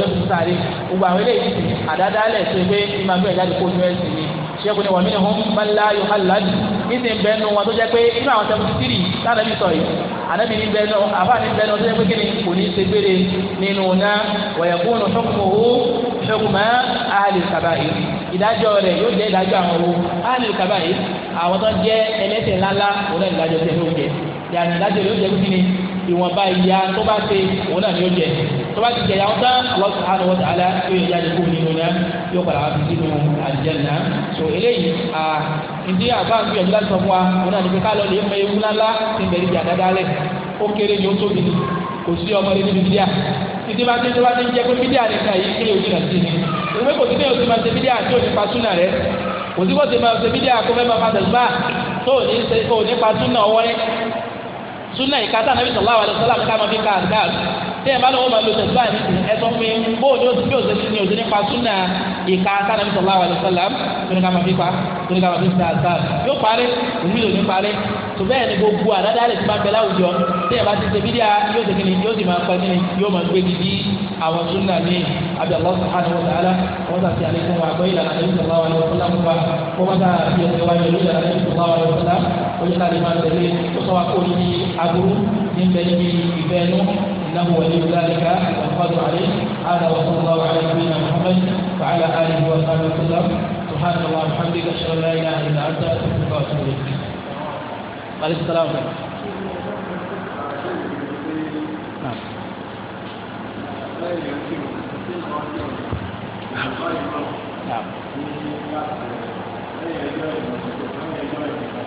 jọ́sìn yẹ́kùn ni wà mí ni hùn bala yóò hàn ládì níbi bẹ́ẹ̀ nù wọn tó jẹ́ pé inú àwọn seventy three táwọn ẹbí sọ yìí ànábì ní bẹ́ẹ̀ nù àbá ní bẹ́ẹ̀ nù tó jẹ́ pé kíni kò ní ṣe gbére nínú náà wọ̀yẹ̀kùn nù hukmuhu hukma ahli kabair ìdájọ́ rẹ̀ yóò jẹ́ ìdájọ́ àwọn owó ahli kabair àwọn tó jẹ́ ẹlẹ́ṣẹ̀ ńláńlá òun náà ìdájọ́ tẹ̀ ló jẹ́ yàrá ìdájọ́ yóò jẹ́ kí ni ìwọ̀nba ìyá tó bá ṣe òun náà ni ó jẹ tó bá ti jẹ yàwó tán Allah subhanahu wa ta'ala yóò yá ní kúrò nínú náà yóò padà wá fi sínú àlùjánnà so eléyìí à ǹdí àbá ń gbìyànjú láti sọ fún wa òun náà ní pé ká lọ lè mọ ewu ńláńlá ti ń bẹ̀rẹ̀ bí àdáda lẹ̀ ó kéré ni ó tóbi kò sí ọmọdé níbi bídíà títí bá ti bá ti ń jẹ pé bídíà nìkan yìí kéré òjì náà sí ni ìwé kò sí pé òsì máa ṣe bídíà tí ò ní pa súnà rẹ kò sí kò sí máa ṣe bídíà kó fẹ́ máa fa tẹ̀síbà tó ò ní pa súnà ọwọ́ rẹ súnà ìkátà nàbí sọlá wà lọsọlá ká máa fi ká àdáàb tí ẹ bá lọ́wọ́ máa lo tẹ̀síwá ní ìsìn ẹ sọ fún mi bó o ní o ti bí òṣèlú ni òṣèlú nípa súnà ìkátà nàbí sọlá wà lọsọlá tóní fi pa tóní ká fi ká àdáàb yóò parí òbí lò ní parí tó bẹ́ẹ̀ ni gbogbo àdáda rẹ̀ ti máa bẹ láwùjọ tí ẹ bá ti ṣe bídíà yóò ṣe kíni yóò sì máa pẹ́ kíni yóò máa gbé gidi àwọn súnà ní àbí Allah subhanahu wa ta'ala wọ́n ti àlékún wa àgbọ̀ ìlànà àdéhùn sallallahu alaihi wa sallam wa wọ́n bá fi ẹ̀sẹ̀ wáyé lórí ìlànà àdéhùn sallallahu alaihi wa sallam ojú náà lè máa tẹ̀lé من sọ wa kó إنه ولي ذلك والقادر عليه هذا وصلى الله على نبينا محمد وعلى آله وصحبه وسلم سبحان الله وبحمدك أشهد أن لا إله إلا أنت أستغفرك وأتوب إليك. عليه السلام نعم. نعم. نعم.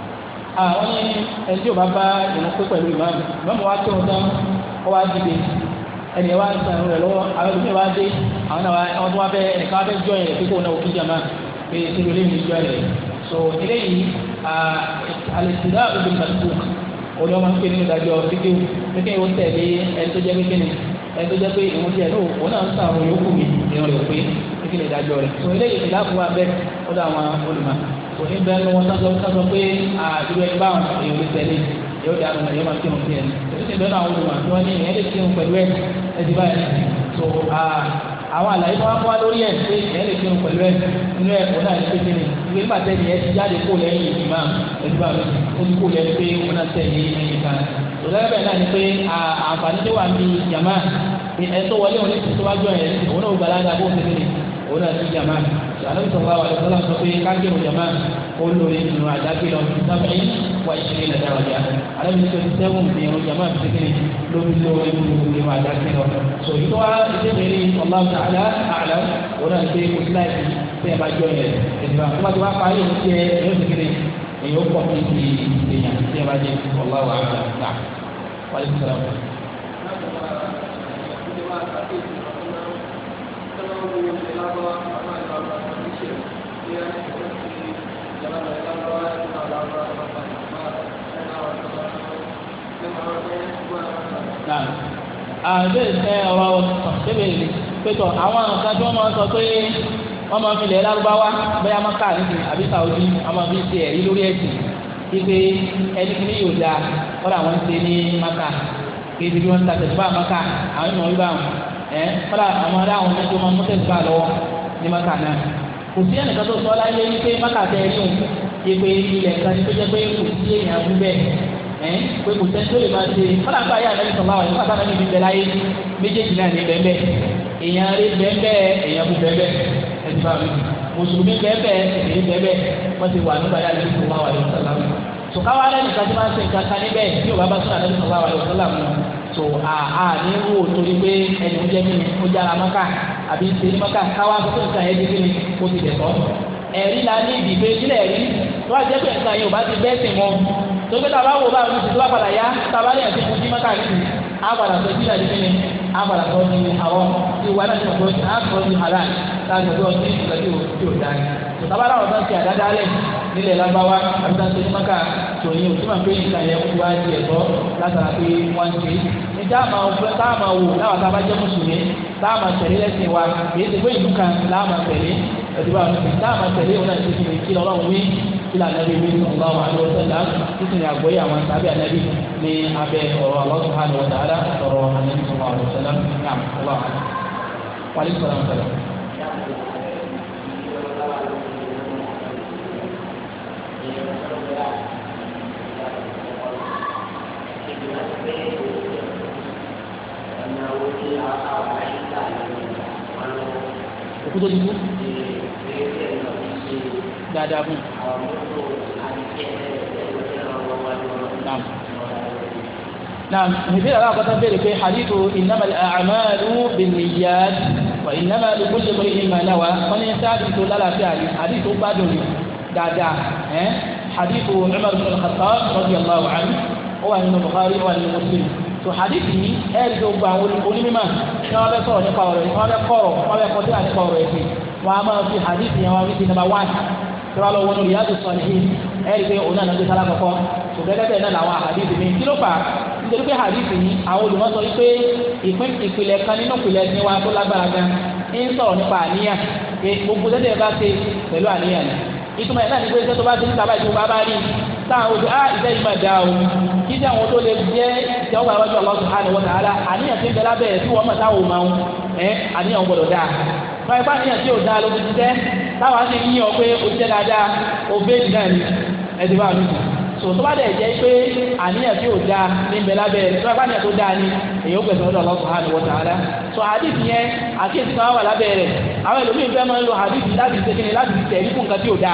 àwọn ah, ní ẹni tí o bá bá ìrún pé pẹ̀lú ìmáàmù ìmáàmù wa tó ń tán ó wá dìde ẹni ẹ wá ń san rẹ lọ́wọ́ àwọn ẹlòmíì wá dé àwọn náà àwọn tó wá fẹ́ ẹnìkan wá fẹ́ jọ ẹ̀ pé kó náà òkú jàmá pé ṣe ló lè ní jọ ẹ̀ so eléyìí àlèsílá òbí kàtúkù òní wọn máa ń pè nínú ìdájọ́ fídíò pípé ìwọ tẹ̀lé ẹni tó jẹ́ pípé ni ẹni tó jẹ́ pé ìwọ́n tiẹ̀ náà òun náà ń san àwọn yòókù mi ìrìn rẹ̀ pé pípé ìdájọ́ rẹ̀ so eléyìí ìlà kò ní bẹ́ẹ̀ ni wọ́n sọ sọ pé àdúrà ẹ̀ báwọn èèyàn lè tẹ̀lé yóò dà nù yóò máa fi hàn tiẹ̀ èyí ti bẹ́ẹ̀ náà wọ́n wà tí wọ́n ní ìyẹn lè fi hàn pẹ̀lú ẹ̀ ẹ̀ ti báyìí so àwọn àlàyé tó wá fún wa lórí ẹ̀ pé ìyẹn lè fi hàn pẹ̀lú ẹ̀ nínú ẹ̀ òun náà ní pété ni ìwé nígbà tẹ́lẹ̀ ẹ̀ ti jáde kó lẹ́yìn ìmá ẹ̀dí bá mi ó ti kó lẹ́yìn pé òun náà tẹ̀lé ẹ̀yìn kan òlẹ́bẹ̀ náà ni pé àǹfààní tó wà ní jàmá ẹ̀ tó wọlé òun ní tuntun wájú ẹ̀ òun náà gbàlágà bó ń tẹ̀lé òun náà ti jàmá sàlẹ̀ sọ̀rọ̀ àwọn ẹ̀sọ́ náà sọ pé kájọ̀rò jama ó lórí ìrìn àdágbé lọ sí sábẹ́ wà ìṣẹ̀lẹ̀ ìlànà ọ̀jà alẹ́ mi sọ̀rọ̀ sẹ́wọ̀n ní ìrìn jama ti kéde lórí lórí ìrìn àdágbé lọ. sọ yìí tó wá ìṣẹ̀lẹ̀ ọ̀làwùtà àlà àlà òun náà ṣe kó síláìsì tẹ́ ẹ bá jọ yẹn ìgbà tó bá ti wá parí tiẹ̀ yóò ti kéde èyí ó pọ̀ àbẹ ẹ ọ̀rọ̀ ṣẹbẹ rẹ pẹtọ àwọn nǹkan wọn máa sọ pé wọn máa fi lẹ lárúbáwá bẹyà mọkà níbi àbí sàwùjí wọn máa fi ṣe lórí ẹ̀sìn ipe ẹni kìíní yóò dáa ṣe ní maka bí maka àwọn ìmọ̀ wíwá àwọn kò sí ẹnìkan tó sọ láyé wípé mákàtà ẹ̀yìn ìpè ilẹ̀ kan tó jẹ́ pé kò sí èèyàn abú bẹ́ẹ̀ ẹ̀ pé kò sẹ́ni tó lè máa ṣe fọlá ń bá yà lẹ́yìn sọ̀rọ̀ àwọn ìfọ̀tà náà níbi bẹ́ẹ̀ láyé méjèèjì náà ní bẹ́ẹ̀ èèyàn rí bẹ́ẹ̀ èèyàn bú bẹ́ẹ̀ ẹ̀sìn bá mi mùsùlùmí bẹ́ẹ̀ èèyàn bẹ́ẹ̀ wọ́n ti wà nígbà yà lẹ́yìn sọ̀rọ̀ àwọn ìfọ̀tà náà sọ̀káwá lẹ́yìn kan tí máa ń ṣe nǹkan kan níbẹ̀ tí o bá bá sọ̀rọ̀ lẹ́yìn sọ̀rọ̀ àwọn ìfọ̀tà náà so àá ní wò torí pé ẹni ó jẹ́ mímu ó jára mọ́ká àbí ṣe ní mọ́kà káwá tó ń sàn ẹ́dí kíni kó ti dẹ̀ tọ́ ẹ̀rí la ní ìdìbò ìdílé rí tó bá jẹ́ pé nǹkan yẹn ò bá ti bẹ́ẹ̀ sìn wọn tó gbé tàbá wò báwọn oníṣẹ́ tó bá padà yá tàbá lẹ́yìn tó kú sí mọ́kà nínú àgbàdà tó ti dàbí kíni àgbàdà tó ti àwọn ìwà náà ti sọ̀tọ̀ àgbàdà tó ti hàlà láti sọ̀tọ̀ sábàlá ọ̀dọ́ ti àdáda lẹ̀ nílẹ̀ lágbáwá àbúdáṣe nímọ̀ká tòyìn òtúmọ̀ pé nǹkan yẹn wá di ẹ̀tọ́ látara pé wọ́n ń ṣe. ní táàmà òfin táàmà wò láwọn tá a bá jẹ́ mùsùlùmí táàmà tẹ̀lé lẹ́sìn wa kì í ṣe pé ìlú kan láàmà tẹ̀lé ẹ̀dùbà táàmà tẹ̀lé òun náà ti fi kí lọ́wọ́ wí kí lànàbí wí ní ọ̀gá wa àlọ́ sẹ́lá títí ní àgbọ̀yé àwọn tàbí ànàbí ní abẹ́ ọ̀rọ̀ Allah subhanahu wa ta'ala ọ̀rọ̀ ànàbí sọ̀rọ̀ àlọ́ sẹ́lá ní àmọ́ wà wà ní sọ̀rọ̀ àlọ́ kó tó ti kú. dáadáa fún un. نعم نبيل الله قد بير في حديث إنما الأعمال بالنيات وإنما لكل امرئ ما نوى ومن يستعد لا لا فعل حديث بادوني دادا حديث عمر بن الخطاب رضي الله عنه هو من البخاري ومن مسلم so hadithi yìí ẹ̀rí tó gba àwọn onímọ̀ tí wọ́n bẹ́ sọ̀rọ̀ nípa ọ̀rọ̀ yìí wọ́n bẹ́ kọ̀rọ̀ wọ́n bẹ́ kọtí nípa ọ̀rọ̀ yìí wọ́n á máa fi hadithi yẹn wọ́n fi ti nàmbà wáyì tí wọ́n lọ wọnú Riyadu Salihin ẹ̀rí pé òun náà ló ti sára kọ̀kọ́ so gẹ́gẹ́ bẹ́ẹ̀ náà làwọn hadithi mi kí ló fà nítorí pé hadithi yìí àwọn olùmọ̀sọ yìí pé ìpìlẹ̀ kan nínú ìpìlẹ̀ ní wa tó lágbára gan ń sọ̀rọ̀ nípa àníyàn pé gbogbo tẹ́tẹ́ bá ṣe pẹ̀lú àníyàn ìtumọ̀ ẹ̀ náà ní pé tẹ́tọ́ bá ṣe níta báyìí tó bá bá táwọn ojú ah ìfẹ́ yìí máa da o kí ní àwọn tó lè jẹ́ ìjọba àwọn ọjọ́ ọlọ́sùn hàn wọ́n tààlà àníyàn ti ń bẹ lábẹ́ tí wọ́n mọ̀ táwọn máa ń ẹ àníyàn gbọ́dọ̀ dáa báyìí bá àníyàn tí ò dáa ló ti ti tẹ́ táwọn á ti yín ọ pé o ti tẹ́ dáadáa o béèdì náà ni ẹ ti bá mi sòtò bá dẹ̀ jẹ́ pé àníyàn tí ò da ní bẹ lábẹ́ sọ́yà bá àníyàn tó da ni èyí ó gbẹ̀sán lọ́dọ̀ lọ́sùn hàn wọ́n tààlà sọ hadith yẹn àkíyèsí kan wà lábẹ́ rẹ̀ àwọn ẹlòmíín fẹ́ máa ń lo hadith láti ṣe kíni láti tẹ̀ nípò nǹkan tí ò da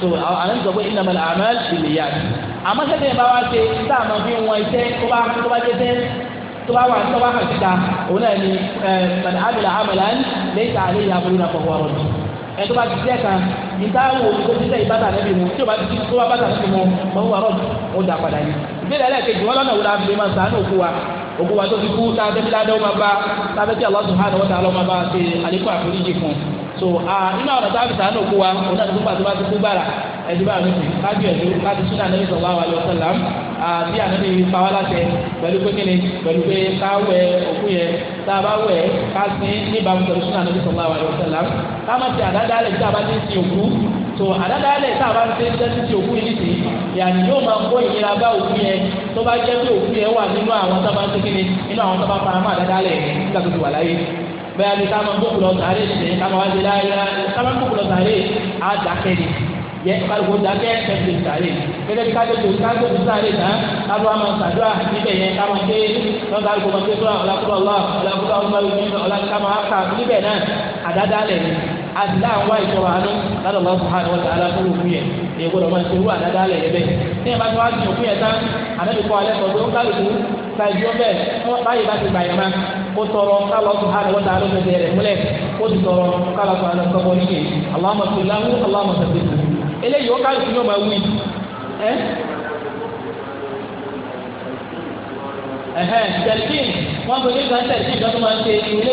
so àwọn sọ pé innamal a'mal binniyat àmọ́ sẹ́dẹ̀ bá wá ṣe tá a máa fi wọn iṣẹ́ tó bá tó bá jẹ́sẹ́ tó bá wà tó bá hàn síta òun náà ni ẹ man amila amalan laysa alayhi amruna fahuwa radd ẹ tó bá ti jẹ́ kan níta wo kó sísẹ́ ìbátan níbi mu tí o bá ti tó bá bàtà níbi mu fahuwa radd ó dà padà yìí ìbílẹ̀ ẹlẹ́ẹ̀kejì wọn lọ́nà wúlò àbúrò máa sàánù òkú wa òkú wa tó fi kú tá a fẹ́ fi ládàá ó máa bá tá a fẹ́ fi Allah subhanahu wa ta'ala ó máa bá ṣe àlékún àforíjì fún un so nínú ah, àwọn ọ̀dọ́ àbísà náà kó wa òun náà ti gbà tó bá ti kú bára ẹ̀dí bá mi fi ká gbìyànjú láti sún ànábì sallallahu alaihi wasallam bí ah, ànábì pa wá láṣẹ pẹ̀lú pé kíni pẹ̀lú pé ká wẹ òkú yẹn tá a bá wẹ̀ ká sin níbàámu pẹ̀lú sún ànábì sallallahu alaihi wasallam ká má ti àdáda lẹ̀ tí a bá ti sin òkú so àdáda lẹ̀ tá a bá ti sin ti òkú yìí ti yàtì yóò máa kó ìnira bá òkú yẹn tó bá jẹ́ pé òkú yẹn wà nínú àwọn tó bá ń bẹ́ẹ̀ ni ká máa bókun lọ sàárè ṣe ká máa wá sí láyé ká máa bókun lọ sàárè á dákẹ́ ni yẹ kálukú dákẹ́ ẹ̀sìn sàárè gẹ́gẹ́ bí kájọ́tò kájọ́tò sàárè náà kábọ̀ àmọ́ sàdúrà níbẹ̀ yẹn ká máa dé lọ́n kálukú máa dé sọ́ra ọ̀làkúrọ̀ ọ̀là ọ̀làkúrọ̀ ọ̀là ọ̀làkúrọ̀ ọ̀là ká máa kà níbẹ̀ náà àdádálẹ̀ ni àti tá à ń wá ìjọba àánú ládọ̀ lọ́wọ́ subhanahu wa ta'ala fún òkú yẹn èyí gbọ́dọ̀ máa ṣe irú àdáda alẹ̀ yẹn bẹ́ẹ̀ ní ẹ̀ bá ti wá ti òkú yẹn tán ànábì kọ́ alẹ́ sọ̀tọ̀ ó kálukú ṣáàjú ọbẹ̀ báyìí bá ti gbà yẹn má kó tọrọ kálọ̀ subhanahu wa ta'ala fẹsẹ̀ rẹ̀ múlẹ̀ kó ti tọrọ kálọ̀ subhanahu wa ta'ala níkẹ́ Allahumma sallahu Allahumma sallahu eléyìí ó kálukú yóò máa wí ẹ́ ẹ̀hẹ́ tẹ̀síìn wọ́n pe nígbà tẹ̀síìn tó máa ń ṣe ìwé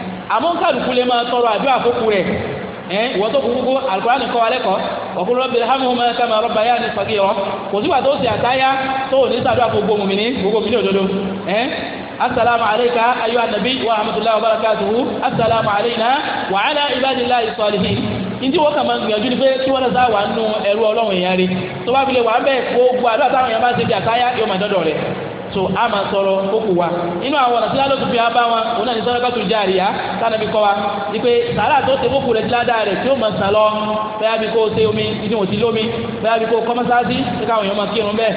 àmọ́ kálukú lè máa tọrọ àdúrà àkókò rẹ̀ ẹ̀ wọ́n tó kún kókó alukurani kọ́ alẹ́ kọ́ rọ́bì hàmùhùmá kàmá rọ́bà yá ni sàkí yọ kò sígbà tó sì àtáyá tó ní sàdúrà gbogbo mùmìnì gbogbo mùmìnì òdodo ẹ̀ asalaamu aleyka ayo wa rahmatulahi wa barakatuhu asalaamu aleyna wa ala ibadillahi salihin indi wọn kà máa ni pé kí wọn lọsà wà nù ẹrú Ọlọ́run èèyàn rí tó bá fi lè wà bẹ́ẹ̀ gbogbo so a máa sọ̀rọ̀ kókò wa inú àwọn ọ̀nà tí ládò tó fi á bá wọn òun náà ní sọ́dọ́ká tó járe yá sanabi kọ́ wa wípé sàrà tó ṣe kókò rẹ̀ ládà rẹ̀ tí ó máa sàn lọ bẹ́ẹ̀ bí kò ṣe omi ìdí wọn lómi bẹ́ẹ̀ bí kò kọ́mọ́sáàsì tí káwọn èèyàn máa kírun bẹ́ẹ̀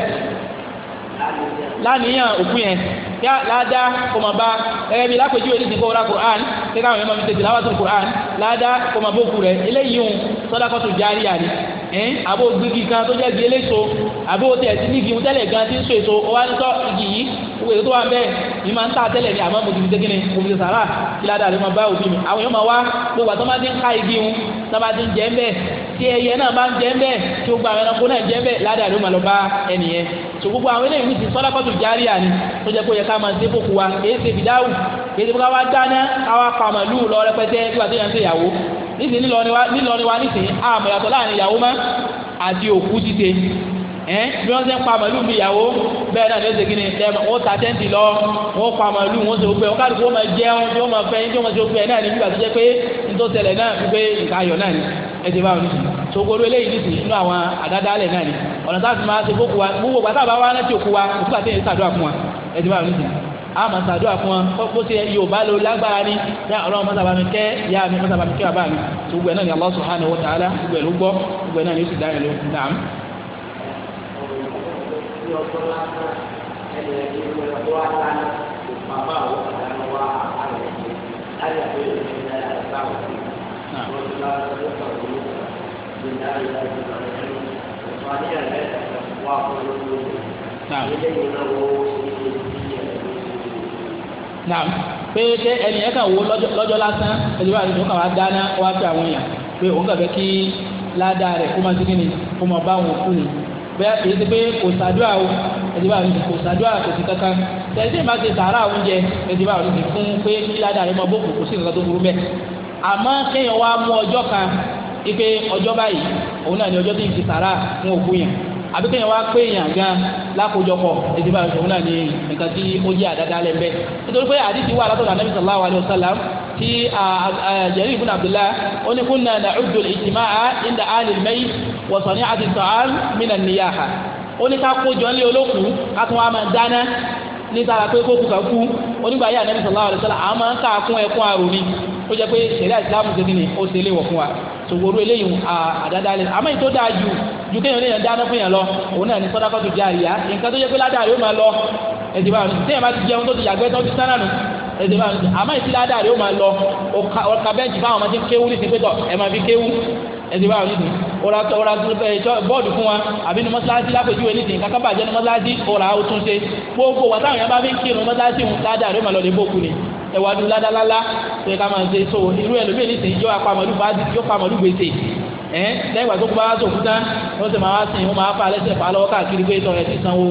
lánìyàn òkú yẹn yá láàdá kòmọba ẹ̀rẹ́ bíi lápèjúwe ní ìsìnkú ọ̀rá quran kíkà àwọn èèyàn máa fi quran láàdá kòmọba òkú rẹ̀ eléyìí ń sọ́dọ́kọ́tù járíyà ni ẹ̀ àbò gbígi kan tó jẹ́ gbélé so àbò tẹ̀ sí nígi ohun tẹ́lẹ̀ gan ti ń so èso ọwọ́ anítọ́ igi yìí owó èso tó wà ń bẹ́ẹ̀ ní máa ń tà tẹ́lẹ̀ ní àmọ́ mo ti fi ṣe kíni mo fi ṣe sàrà kí ládàá lè máa bá òbí mi àwọn èèyàn máa wá gbogbo àtọ́ máa ti ń ká igi hun tó máa ti ń jẹ́ ń bẹ́ẹ̀ tí ẹyẹ náà bá ń jẹ́ ń bẹ́ẹ̀ tí gbogbo àwọn ẹranko náà jẹ́ ń bẹ́ẹ̀ ládàá ló máa lọ bá ẹnìyẹn nísìnyí nílọrin wa nísìnyí àmọ̀ yàtọ̀ láàrin ìyàwó mọ́ àti òkú títe ẹ bí wọ́n ṣe ń pa màálù bí ìyàwó bẹ́ẹ̀ náà ló ṣe kí ni wọ́n ta tẹ́ǹtì lọ wọ́n pa màálù wọ́n ṣe gbogbo ẹ̀ wọ́n kálukú wọ́n máa jẹun tí wọ́n máa fẹ́ tí wọ́n máa ṣe gbogbo ẹ̀ náà ní bí gbàtí jẹ́ pé nítòsẹ̀lẹ̀ náà wípé nǹkan ayọ̀ náà ni ẹ ti bá wọn nísìnyí sogoro eléyìí nísìnyí inú àwọn àdádálẹ̀ náà ni ọ̀nà táà fi máa ṣe gbogbo wa gbogbo gbàtà bá wá náà ti òkú wa òkú àmọ́ sàdúrà fún wọn kó ṣe yorùbá ló lágbára ní ní ọlọ́run mọ́tàbà mi kẹ́ ìyá mi mọ́tàbà mi kẹ́ bàbá mi tó gbẹ náà ní Allah subhanahu wa ta'ala gbẹ ló gbọ́ gbẹ náà ní oṣù dáhùn ló ń dàm. Nah nà pé ṣé ẹni yẹn kàn wo lọ́jọ́ lásán ẹni bá yẹn kàn wá dáná wá fi àwọn èèyàn pé òun kàn fẹ́ kí ládàá rẹ̀ kó máa ti kíni kó máa bá wọn kú ni bẹ́ẹ̀ èyí ti pé kò sàdúrà o ẹni bá yẹn kò sàdúrà kò sí kankan tẹ̀sí ìmá ti sàárà oúnjẹ ẹni bá yẹn fún pé kí ládàá rẹ̀ máa bó kò sí nǹkan tó burú bẹ́ẹ̀ àmọ́ kéèyàn wá mú ọjọ́ kan ipe ọjọ́ báyìí òun náà ni ọjọ́ tó ń ti àbí kéèyàn wá pé èèyàn gan lákòjọpọ̀ ètò ìbára ìṣòwò náà ní nǹkan tí ó jẹ́ àdáda lẹ́ mbẹ́ nítorí pé àdìsí wà látọ̀dọ̀ anábì sallallahu alayhi wa sallam tí Jarir ibn Abdullah ó ní kunna na'uddu al-ijtima'a inda ahli al-mayt wa sani'ati at-ta'am min an-niyaha ó ní ká ńlẹ̀ olókù ká tún máa dáná níta la pé kókù kan kú onígbà yà anábì sallallahu wa sallam àmọ́ ká ó jẹ́ pé ṣẹ̀ríà ìsìlámù ṣe kíni ó ṣe léwọ̀ fún wa tòwòrú eléyìí àdádálẹ̀ àmọ́ èyí tó dáa ju ju kéèyàn léèyàn dáná fún yàn lọ òun náà ní sọ́dákọ́ tó jẹ́ àríyá nǹkan tó jẹ́ pé ládàá yóò máa lọ ẹ̀sìn bá mi téèyàn bá ti jẹun tó ti yàgbẹ́ tó ti sáná nù ẹ̀sìn bá mi àmọ́ èyí tí ládàá yóò máa lọ ọ̀ka bẹ́ǹtì fáwọn ẹ̀sìn báwo nìsín ọ̀rá ọ̀rá bọ́ọ̀dù fún wa àbí ní mọ́sálásí lápèjúwe nìsín kàkà bàjẹ́ ní mọ́sálásí ọ̀rá ó tún ṣe gbogbo wà táwọn yẹn bá fi ń kírun mọ́sálásí ń ládàá rẹ̀ màlọ́ lè bókun ni ẹ̀wà dùn ládàlálá tó ká máa ṣe so irú ẹlòmíì nìsín yóò apamọ̀lú gbèsè ẹ̀ lẹ́yìn tó kú bá wá sòkú tán wọ́n sì máa wá sìn wọ́n máa fa alẹ́sẹ̀ fà á lọ́wọ́ káàkiri pé ìtọ̀rẹ́ ti sanwó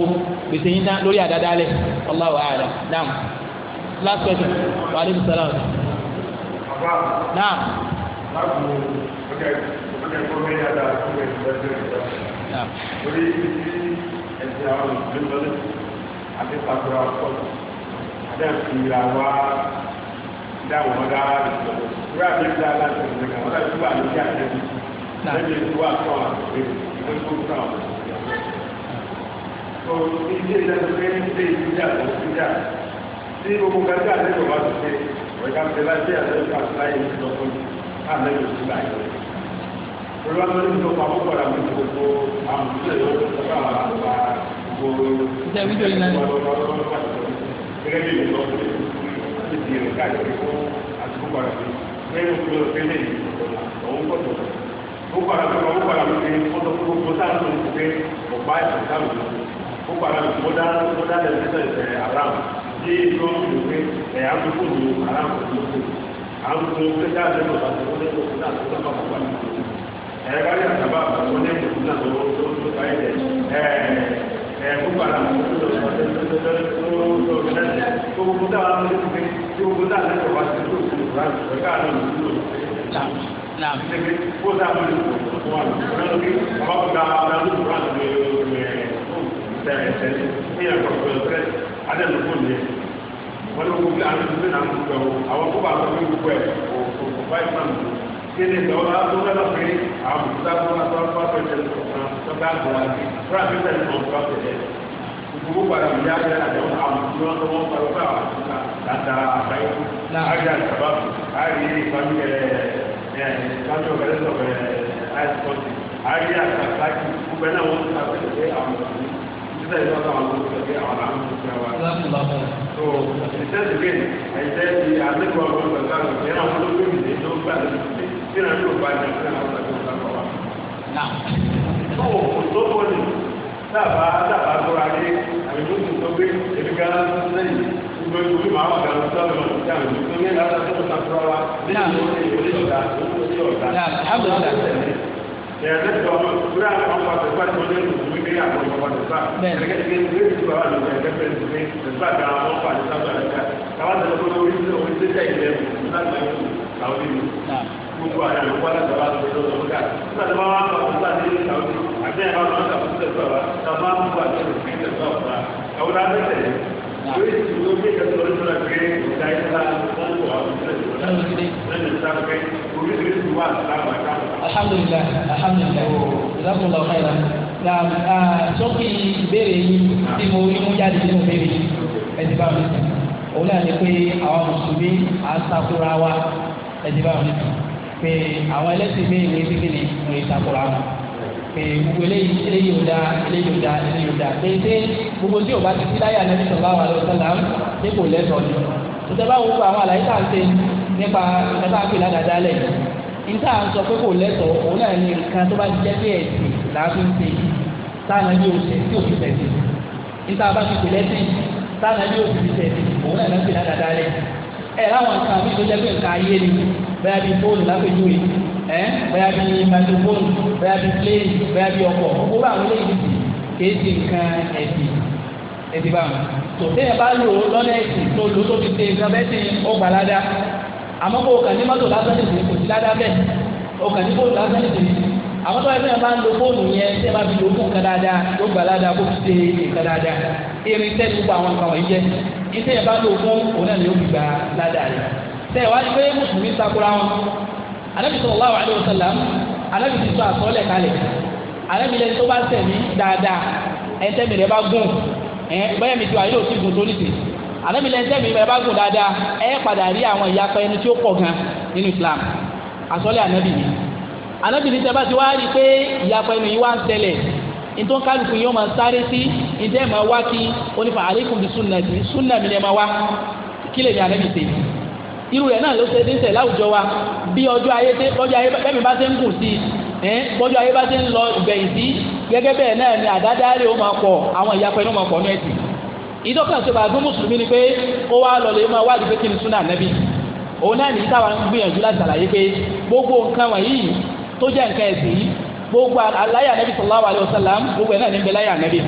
gbèsè yín tán lórí àdáda lẹ̀ Allahu a'lam naam last question wa aleykum salaam naam ẹ̀kọ́ mẹ́rin àti àwọn ọmọ ìgbàgbọ́ ìgbà orí ibi tí ẹ̀sìn àwọn olùgbé lọ́lẹ̀ àti pàtàkì ọkọ̀ àdẹ́sí àwa dáwọn ọ̀dá ìgbàgbọ́ ìwé àti ìgbà aláṣẹ ìgbàgbọ́ ọ̀dà ìgbà àti àjẹbí lẹ́yìn ìwà àtọ̀ àti ìgbàgbọ́ tó ilé ìdájọ́ pé ń gbé ìjà olùwà tó ń sọpọ̀ àkókò rà mí gbogbo àwọn ìṣẹ̀lẹ̀ yóò tó sọpọ̀ àwọn àgbà gbogbo. ìṣe fídíò yìí náà. gẹ́gẹ́ bí ìlú lọ́wọ́ ti di èrò káàkiri fún àtúkò rà mí lẹ́yìn òkú lọ sílẹ̀ òun gbọ́dọ̀ gbogbo àrà mi gbogbo àrà mi ni wọ́n tó fún gbogbo táwọn tó ń sọ pé ọ̀gbá ìṣẹ̀lẹ̀ táwọn gbogbo àrà mi gbogbo dá lẹ́sẹ̀ ẹ̀ àrà mi ní ìlú ọ̀gbìn pé ẹ̀ àgùkù ni àrà mi kò tó àwọn tó ń pẹ́ dáadé lọ́ba tó ń ẹ kárí àtàbà àwọn ẹgbẹ́ tó náà tó tó tó káyé dẹ ẹ ẹ gbogbo àlà tó tó tó tó tó tó tó gbogbo táwa ló ti fi tí gbogbo táwa ló ti wá sí tó tó tó tó ká ló ti tó tó naam kó tá a lè tó tó wà lọ kí ọba kó tá a lè tó wà lọ kí sẹlẹ sẹlẹ ní ẹ̀kọ́ pẹ̀lú pẹ adẹnu fún mi wọn ló gbogbo àwọn tó tó náà ń gbogbo àwọn kó bá a lọ kí gbogbo ẹ kó kó báyìí fún mi kele dɔwɔla tó bɛ lɔ fɛ awo tó bá tó bá tó bá fɛ tɛ sɔgbɔn tó bá gbɔ la bi tó bá fɛ tɛ sɔgbɔn tó bɛ tɛ gbogbo gbala mi y'a yɛrɛ lajɛ o awo tó bá tó bá fɛ o bɛ awo tó bá la da a ba yi na a yà saba a yi ba mi yɛ ɛ kanto wɛrɛ sɔrɔ ɛ ayi sɔti a yi yà sa sa ki o bɛ na o ta fɛ tɛ awo tó bɛ sisan yi sɔsɔ awo tó bɛ awo la awo tó bɛ wa so ɛsɛ ti bɛ ɛsɛ ti a ti kɔ o bɛ ka o bɛ na o tó bɛ mi de o bɛ a ti bɛ síra ní òbá ní ìlú àwọn ọ̀gá tó ń bá wà. Tó o kò tó o lè dábàá dábàá tó ra dé àbí tó ti tó gbé èmi gan lẹ́yìn gbogbo ìwé màá wà gan lọ́dọ̀ lọ sí àwọn ìlú tó ní ìlànà tó ń sàkúrọ̀ wa ní àwọn olè olè ọ̀dà tó ń sí ọ̀dà. Yàrá tó ọmọ ìwúrà àwọn ọmọ àtẹ̀gbá tó ní ìlú ní àwọn ọmọ àtẹ̀gbá. Gẹ́gẹ́ bí ìwé ìdìbò àwọn àlùfẹ́ ẹgbẹ́ ìdílé ìgbà kan àwọn ọmọ àtẹ̀gbá tó àlùfẹ́. Káwá tẹ̀lé kó lórí orí tẹ̀lé ìlẹ̀ ìlú láti ẹ̀kú àwọn ìlú gbogbo àyàn ló wá láti wá lọ lọ wọn wá bá wọn bá dé ní ìtàwọn àti ẹ̀ka wọn náà kàfún tẹ̀sán wa ká má mú wa ní ìlú fún tẹ̀sán wa àwọn náà tẹ̀sẹ̀ lórí ti wo bí ẹ̀ka tó lọ́dún náà gbé ìdá ìta wọn kò wá fún tẹ̀sán wa lẹ́nu ìta fẹ́ oríṣiríṣi wà láwọn àká. alhamdulilayi alhamdulilayi ìdákùnlọ ọ̀hẹ́ra na sọ́kì ìbéèrè yìí tí mo rí mú jáde nínú ìbéèrè yìí ẹ̀sìn bá mi òun náà ni pé àwọn mùsùlùmí à wa ẹ̀sìn bá mi sùn pé àwọn ẹlẹ́sìn mi ìwé sí kìnnì ìwé ìtakùrọ̀ àwọn pé gbogbo eléyìí eléyìí ò da eléyìí ò da eléyìí ò da pé ṣé gbogbo tí o bá ti síláyà nẹ́bí sọ̀rọ̀ àwọn àlọ́ sọ́lá ṣé kò lẹ́tọ̀ọ́ ni tòtẹ́ bá wọ́pọ̀ àwọn àlàyé tá à ń ṣe nípa ìjọba àpè ládàáda lẹ̀ níta à ń sọ pé kò lẹ́tọ̀ọ́ òun náà ní nǹkan tó bá jẹ́ bí ẹ̀sìn làáfin ṣe táwọn ẹbí òṣè tí òfin tẹ̀sí níta bá ti pè lẹ́sìn táwọn ẹbí òṣè ti tẹ̀sí òun náà ní bẹ́ẹ̀ bí fóònù lápẹ́jú yìí ẹ́ bẹ́ẹ̀ bí microphone bẹ́ẹ̀ bí plane bẹ́ẹ̀ bí ọkọ̀ gbogbo àwọn eléyìí kìí di nǹkan ẹ̀sìn ẹ̀sìn báwọn. tó téèyàn bá lò lọ́nà ẹ̀sìn tó lò tó fi ṣe nǹkan bẹ́ẹ̀ sìn ó gbà ládá àmọ́ kó o kàn ní mọ́tò lásán nìyí kò sí ládá bẹ́ẹ̀ o kàn ní fóònù lásán nìyí àwọn tó ẹgbẹ́ bá ń lo fóònù yẹn tí ẹ bá fi lo fún nǹkan dáadáa ló gbà ládàá kó fi ṣe nǹkan dáadáa irin tẹ́lifù àwọn nǹkan wọ̀nyí jẹ́ iṣẹ́ yẹn bá lo fún òun náà ni ó fi gbà ládàá rẹ̀ tẹ́ wá ní pé mùsùlùmí sakura wọn anabi sallallahu alaihi wasallam anabi ti sọ àsọlẹ̀ kalẹ̀ anabi lẹni tó bá sẹ̀mí dáadáa ẹ̀ńtẹ́mi rẹ̀ bá gùn ẹ̀ bẹ́ẹ̀ mi ti wà yóò ti gùn tó nìsí anabi lẹni tẹ́mi rẹ̀ bá gùn dáadáa ẹ̀ padà rí àwọn ìyapa ẹni tí ó pọ̀ gan nínú Islam àsọlẹ̀ anabi yìí anabi ní tẹ́ bá ti wá rí pé ìyapa ẹni yìí wá ń tẹ́lẹ̀ ntọ́ kálukú yóò máa sáré sí ntẹ́ máa wá kí onífà alaykum bi sunnati sunna mi lẹ́ máa wá kí lè ní anabi sèyí irú rẹ̀ náà ló ṣe dé sẹ̀ láwùjọ wa bí ọjọ́ ayé tẹ bọ́jọ́ ayé bẹ́ẹ̀ mi bá ṣe ń gùn sí i bọ́jọ́ ayé bá ṣe ń lọ ìgbẹ̀yìn sí gẹ́gẹ́ bẹ́ẹ̀ náà ni àdádálẹ̀ ó máa pọ̀ àwọn ìyapẹ́ ló máa pọ̀ ní ẹ̀sìn ìdọ́kàn tó bá gbé mùsùlùmí ni pé ó wá lọ lè máa wádìí pé kí ni súnà nẹ́bí òun náà nìyí táwa ń gbìyànjú láti ṣàlàyé pé gbogbo nǹkan wọ̀nyí tó jẹ́ nǹkan ẹ̀sìn yìí gbogbo aláyà nẹ́bí sallallahu alaihi wasallam gbogbo ẹ̀ náà ní bẹ́ẹ̀ láyà nẹ́bí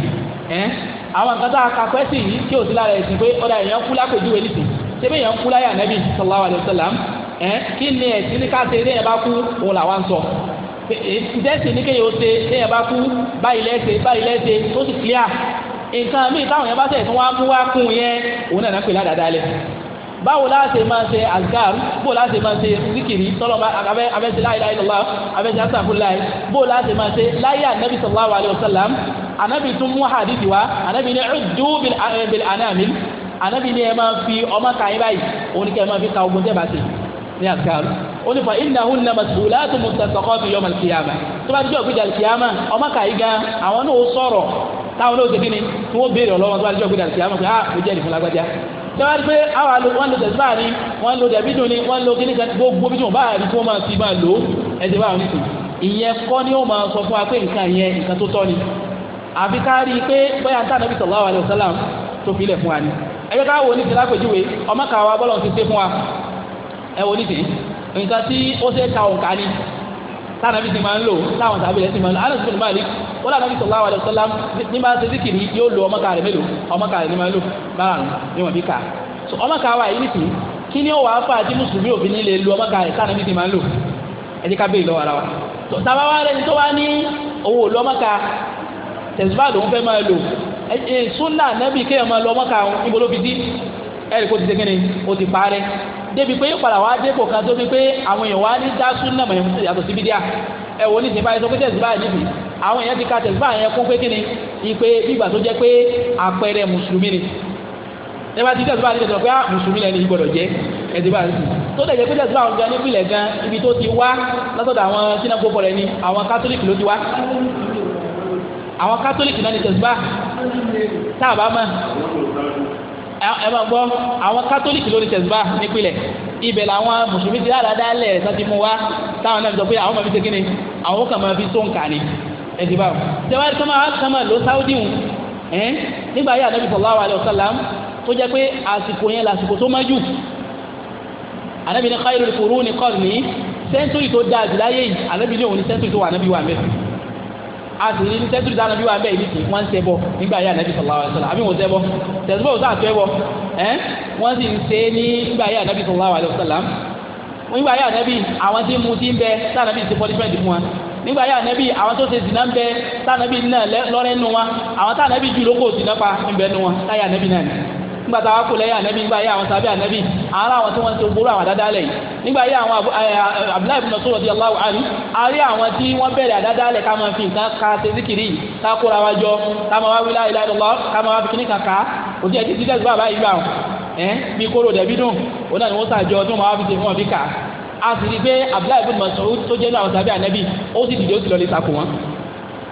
àwọn nǹkan tá a kakọ́ ẹ̀sìn yìí kí òsínlára ẹ̀sìn pé ọ̀dà èèyàn kú lápèjúwe nìsín sebe yẹn kú láyà nẹ́bí sallallahu alayhi wa sallam ẹ kí ni ẹ̀sìn ní ká ṣe ní yẹn bá kú òun làwọn sọ ìdẹ́sìn ní kéye ó ṣe ní yẹn bá kú báyìí lẹ́sẹ̀ báyìí lẹ́sẹ̀ tó sì clear nǹkan míì táwọn yẹn bá tẹ̀ tún wá mú wá kún yẹn òun náà pè ládàá lẹ báwo la ṣe máa ṣe azkar bó la ṣe máa ṣe zikiri tọ́lọ́ bá abẹ́ abẹ́ ṣe láyé láyé lọ́wọ́ abẹ́ ṣe astaghfirullah bó la ṣe máa ṣe láyé anabi sallallahu alayhi wa sallam anabi tún mú hadithi wa anabi ní uddu bil anamil anabi ni ẹ máa fi ọmọ kan yín báyìí òun ni kẹ́ ẹ máa fi ka ogun tẹ́ bá ti ní àkàrò ó ní fa ìnáhùn náà màsùlá tó mú sàkọ́kọ́ fi yọ màlìkìyàmà tó bá dijọ́ gbéjà lìkìyàmà ọmọ kan yín gan àwọn náà ó sọ̀rọ̀ táwọn náà ó segin ni tí wọ́n béèrè ọlọ́wọ́ tó bá dijọ́ gbéjà lìkìyàmà pé ah mo jẹ́ ìfún lágbájá tẹ́wájú pé àwọn àlò wọn lo tẹ̀síbà ni wọn lo dẹ̀bí dùn ni lo kíní kan gbogbo bí tí bá rí kí máa ti máa lò ó ẹ̀sìn báwọn nìkan ìyẹn kọ́ ni ó máa sọ fún wa pé nǹkan yẹn nǹkan tó tọ́ ni àfi ká rí i pé bóyá ń tà nàbí sallallahu alaihi wasallam tó fi ilẹ̀ fún wa ni ẹgbẹ́ ká wo ní ti lápèjúwe ọmọ kan wa bọ́lọ̀ ti ṣe fún wa ẹ wo ní ti nǹkan tí ó ṣe ta òǹkà ni táwọn ẹbí ti máa ń lò táwọn tàbí ẹ ti máa ń lò alẹ́ sọ́kùnrin báyìí ó dàbí Ànábì sallallahu alaihi wasallam ní bá ṣe zikiri yóò lo ọmọ kàrẹ̀ mélòó ọmọ kàrẹ̀ ní máa ń lò márùn ní wọn bí kà so ọmọ kàrẹ̀ wa yìí nìkì kí ni ó wàá fà tí mùsùlùmí òfin ní lè lo ọmọ kàrẹ̀ táwọn ẹbí ti máa ń lò ẹ jẹ́ ká bẹ́ẹ̀ lọ́wọ́ ara wa tàbá wa rẹ̀ ní tó wá ní owó lo ọmọ kà òun fẹ́ máa lò Eh, eh, sunna nabi kéèyàn máa lọ mọ́ka ibo ló fi dí ẹ̀rí kó ti dégé ni ó ti parẹ́ débi pé padà wá dé kò kan tó fi pé àwọn èèyàn wá ní dá sunna mọ̀ yàtọ̀ sí bídíà ẹ wò ní tìǹbà yẹn tó pé tẹ̀síbà yẹn níbi àwọn èèyàn ti ka tẹ̀síbà yẹn kún pé kíni ìpè bígbà tó jẹ́ pé àpẹẹrẹ mùsùlùmí ni ẹ bá ti tẹ̀síbà yẹn tó pé ah, mùsùlùmí lẹ́ni gbọ́dọ̀ jẹ́ ẹ̀dínwá sí tó dẹ̀ jẹ́ pé tẹ̀síbà àwọn gan nípìnlẹ̀ gan ibi tó ti wá látọ̀dọ̀ àwọn sinagogo rẹ̀ ni àwọn kátólíkì ló ti wá àwọn kátólíkì náà ní tẹ̀síbá tá a bá mọ̀ ẹ máa gbọ́ àwọn kátólíkì ló ní tẹ̀síbá nípìnlẹ̀ ibẹ̀ làwọn mùsùlùmí ti dáadáa dálẹ̀ ẹ̀sán ti mú wa táwọn náà fi sọ pé àwọn máa fi ṣe kí ni àwọn kan máa fi sóǹkà ni ẹ̀sìn báwọn. tẹ́wájú kọ́má kọ́má ló sáúdì wù ẹ́ nígbà yà nàbì sallallahu alaihi wasallam tó jẹ́ pé àsìkò yẹn làsìkò tó májú ànábì ní khairul quruni qarni sẹ́ńtúrì tó dáa jù láyé yìí ànábì ní òun ní sẹ́ńtúrì tó wà ànábì wà mẹ́sì a sì ní tẹ́tùrì dáná bí wà bẹ́ẹ̀ ní kì wọ́n ń ṣẹbọ nígbà yà nàbì sallallahu alaihi wasallam àbí wọ́n ṣẹbọ tẹ̀síbọ̀ ẹ́ wọ́n sì ń se ní nígbà yà nàbì sallallahu alaihi wasallam nígbà yà nàbì àwọn tí mu ti ń bẹ sáà ti pọ́nífẹ̀ẹ́dì fún wa nígbà yà nàbì àwọn tó ṣe zìnà ń bẹ sáà nàbì náà lọ́rẹ́ nu nígbà tá a kó lẹ́yìn ànábì nígbà yẹ àwọn sábẹ́ ànábì ara àwọn tí wọ́n ti gbóró àwọn àdádálẹ̀ yìí nígbà yẹ àwọn abdullahi ibn Mas'ud radiyallahu anhu a rí àwọn tí wọ́n bẹ̀rẹ̀ àdádálẹ̀ ká máa fi nǹkan ka ṣe zikiri yìí ká kóra wa jọ ká máa wá wí la ilaha illallah ká máa wá fi kíní kàkà kò tí ẹ ti ti tẹ̀síwá báyìí gbà ẹ bí kóró dẹ̀bí dùn ó náà ni wọ́n sàjọ tí wọ́n wá fi ṣe fún ọ bí sì rí pé abdullahi ibn Mas'ud tó jẹ́ náà àwọn sábẹ́ ànábì ó sì dìde ó sì lọ sàkó wọn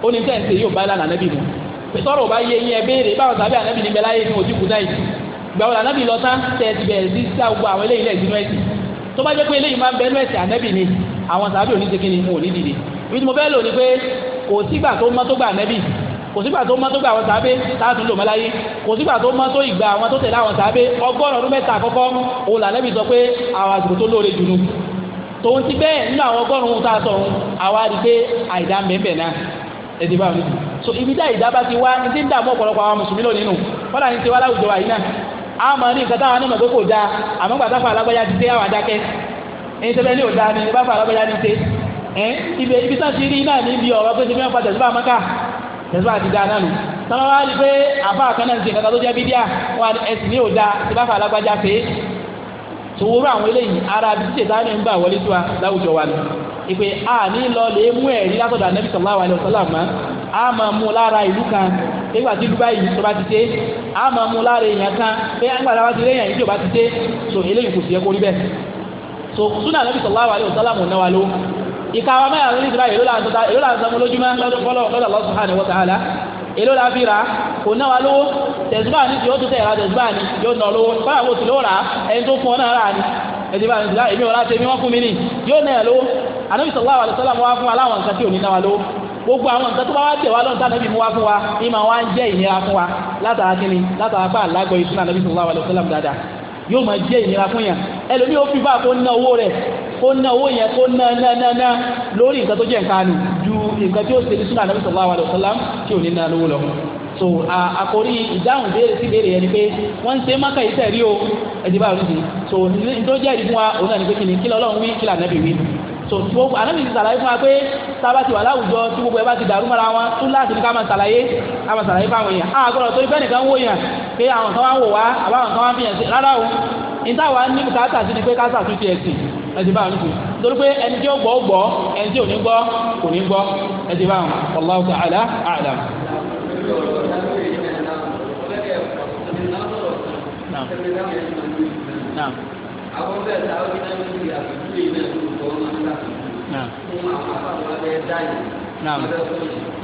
ó ní tẹ́ǹsì yóò bá lánàá ànábì mu sọ̀rọ̀ bá yẹ yín ẹ béèrè báwọn sábẹ́ ànábì ní bẹ́láyé ní òjì kù yìí gbàwọlà anábì lọ tán tẹ ti bẹ̀rẹ̀ sí sá gbogbo àwọn eléyìí lẹ́yìn sínú ẹ̀sìn tó bá jẹ́ pé eléyìí máa ń bẹ́ẹ̀ ẹ̀sìn anábì ni àwọn sàbí òní ṣe kíni wọn dìde ibi mo fẹ́ lò ní pé kò sígbà tó mọ́ tó gbà anábì kò sígbà tó mọ́ tó gbà àwọn sàbí táàtún lò mọ́láyé kò sígbà tó mọ́ tó ìgbà àwọn tó tẹ̀lé àwọn sàbí ọgọ́rùn ọdún mẹ́ta àkọ́kọ́ òun làlẹ́bí sọ pé àwọn àsìkò tó lóore jù nù tòun ti bẹ́ẹ̀ nínú àwọn ọgọ́rùn ohun so ibi tá àìdá bá ti wá ní ti ń dààmú ọ̀pọ̀lọpọ̀ àwọn mùsùlùmí lónìí nù wọ́n ní ti wá láwùjọ àyínà a máa ní nǹkan táwọn onímọ̀ tó kò dáa àmọ́ gbàtà fà ti dé àwọn adákẹ́ ẹni tẹ́lẹ̀ ní ni bá fà alágbájá ti dé ẹ ibi ibi ti rí náà ní ibi ọ̀rọ̀ pé ti fẹ́ fa tẹ̀síbà mọ́ká tẹ̀síbà ti dáa náà nù tọ́lá wá rí pé àbá kan ti tó jẹ́ bídíà wọn ní ti fà àwọn ara bí ni ìpè a ní lọ lè mú ẹ̀rí látọ̀dọ̀ ànábì a máa mú lára ìlú nígbà tí dubai yìí tó bá ti dé a máa mú láre èèyàn kan pé a bá ti dé èèyàn yìí tó bá ti dé so eléyìí kò sì yẹ rí bẹ́ẹ̀ so súnà nàbì sallallahu alaihi wasallam náà wà ló ìka wa mẹ́rin lórí ìdúrà èló là ń sanwó lójúmọ́ lọ́dọ̀ Allah subhanahu wa ta'ala èló la fi rà kò ná wa lówó tẹ̀síbà ni yóò tún tẹ̀ ra tẹ̀síbà ni yóò ná lówó kọ́lá wo sì ló rà ẹni tó fún ọ náà rà ni ẹ̀dìbà ní ìlà èmi ọ̀la tẹ̀mí wọ́n fún mi ni yóò ná ẹ̀ lówó Ànábì sallallahu alaihi wasallam wá fún aláwọn nǹkan tí ò ní ná wa lówó gbogbo àwọn nǹkan tó bá wá tẹ̀ wá lọ́nà tánàbí mú wá fún wa ní máa wá ń jẹ́ ìnira fún wa látara kíni látara bá àlágbọ̀ ìsúná nàbí sallallahu alaihi wasallam dáadáa yóò máa jẹ́ ìnira fún yàn ẹlòmíì ó fi bá kó ná owó rẹ̀ kó ná owó yẹn kó ná ná ná ná lórí nǹkan tó jẹ́ nǹkan nù ju nǹkan tí ó ṣe ní súnà nàbí sallallahu alaihi wasallam tí ò ní ná lówó lọ so àkórí ìdáhùn béèrè sí béèrè yẹn ni pé wọ́n ń ṣe mọ́kà yìí tẹ̀rí o ẹ̀dínbà oníṣe so nítorí jẹ́ ìdí fún wa òun náà ni pé kí ni kí lọ́lọ́run wí kí lànà bì wí so tí wọ́n àná bìí sàlàyé fún wa pé sábà ti wà láwùjọ tí gbogbo ẹ bá ti dàrú mọ́ra wọn tún láti ní ká máa sàlàyé ká máa sàlàyé fáwọn èèyàn á gbọ́dọ̀ torí bẹ́ẹ̀ nìkan wò yàn pé àwọn kan wá ń wò wá àbáwọn kan wá ń fìyàn sí rárá o níta wa ní bùkátà sí ni pé ká sàtúntì ẹ̀sìn ẹ̀sìn báwọn nìkan torí pé ẹni tí ó gbọ́ ó gbọ́ ẹni tí ò ní gbọ́ kò ní gbọ́ ẹ̀sìn báwọn Allahu ta'ala a'lam. Naam. Naam. Àwọn bẹ́ẹ̀ náà naam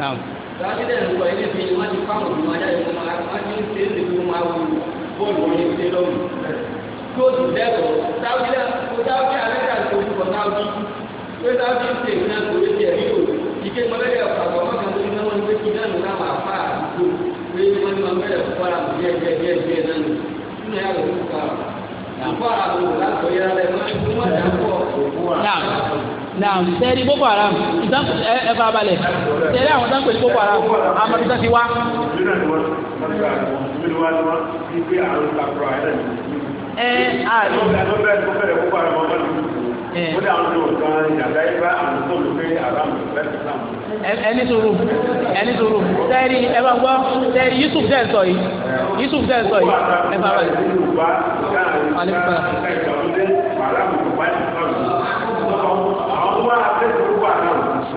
naam. dábìlẹ̀ ìlúwa ilé fi wọ́n ti fáwọn òbí wọn jáde fún wa wọ́n ti ń ṣe é ṣe fún wa wo bọ́ọ̀lù wọn yóò ṣe lọ́wọ́ tó ti dẹ́kọ̀ dábìlẹ̀ dábìlẹ̀ amẹ́ríkà ti fojú kọ dábì pé dábì ń ṣe ìrìnà kò lè ṣe ẹ̀rí o ìké mọ́lẹ́dẹ̀ ọ̀pọ̀ ọ̀pọ̀ kan tó ní wọ́n ti fi náà nù láwọn àfà àdúgbò pé wọ́n ti máa mẹ́rẹ̀ fún ara mi díẹ̀ díẹ̀ díẹ̀ díẹ̀ náà nù nínú ẹ̀yà lọ́wọ́ fún ara mi àfọ̀ àbò láti naam sẹ́ẹ̀rí boko haram ẹ fà balẹ̀ sẹ́ẹ̀rí àwọn sáńpẹ̀ ní boko haram amadu sáti wá. ẹ ẹ ẹni sùúrù ẹni sùúrù sẹ́ẹ̀rí ẹ bá gbọ́ sẹ́ẹ̀rí yusuf dẹ́ sọ yìí yusuf dẹ́ sọ yìí ẹ fà balẹ̀.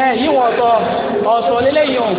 ẹ̀hẹ́n yíwọ̀n ọ̀tọ̀ ọ̀tọ̀ lélẹ́yìn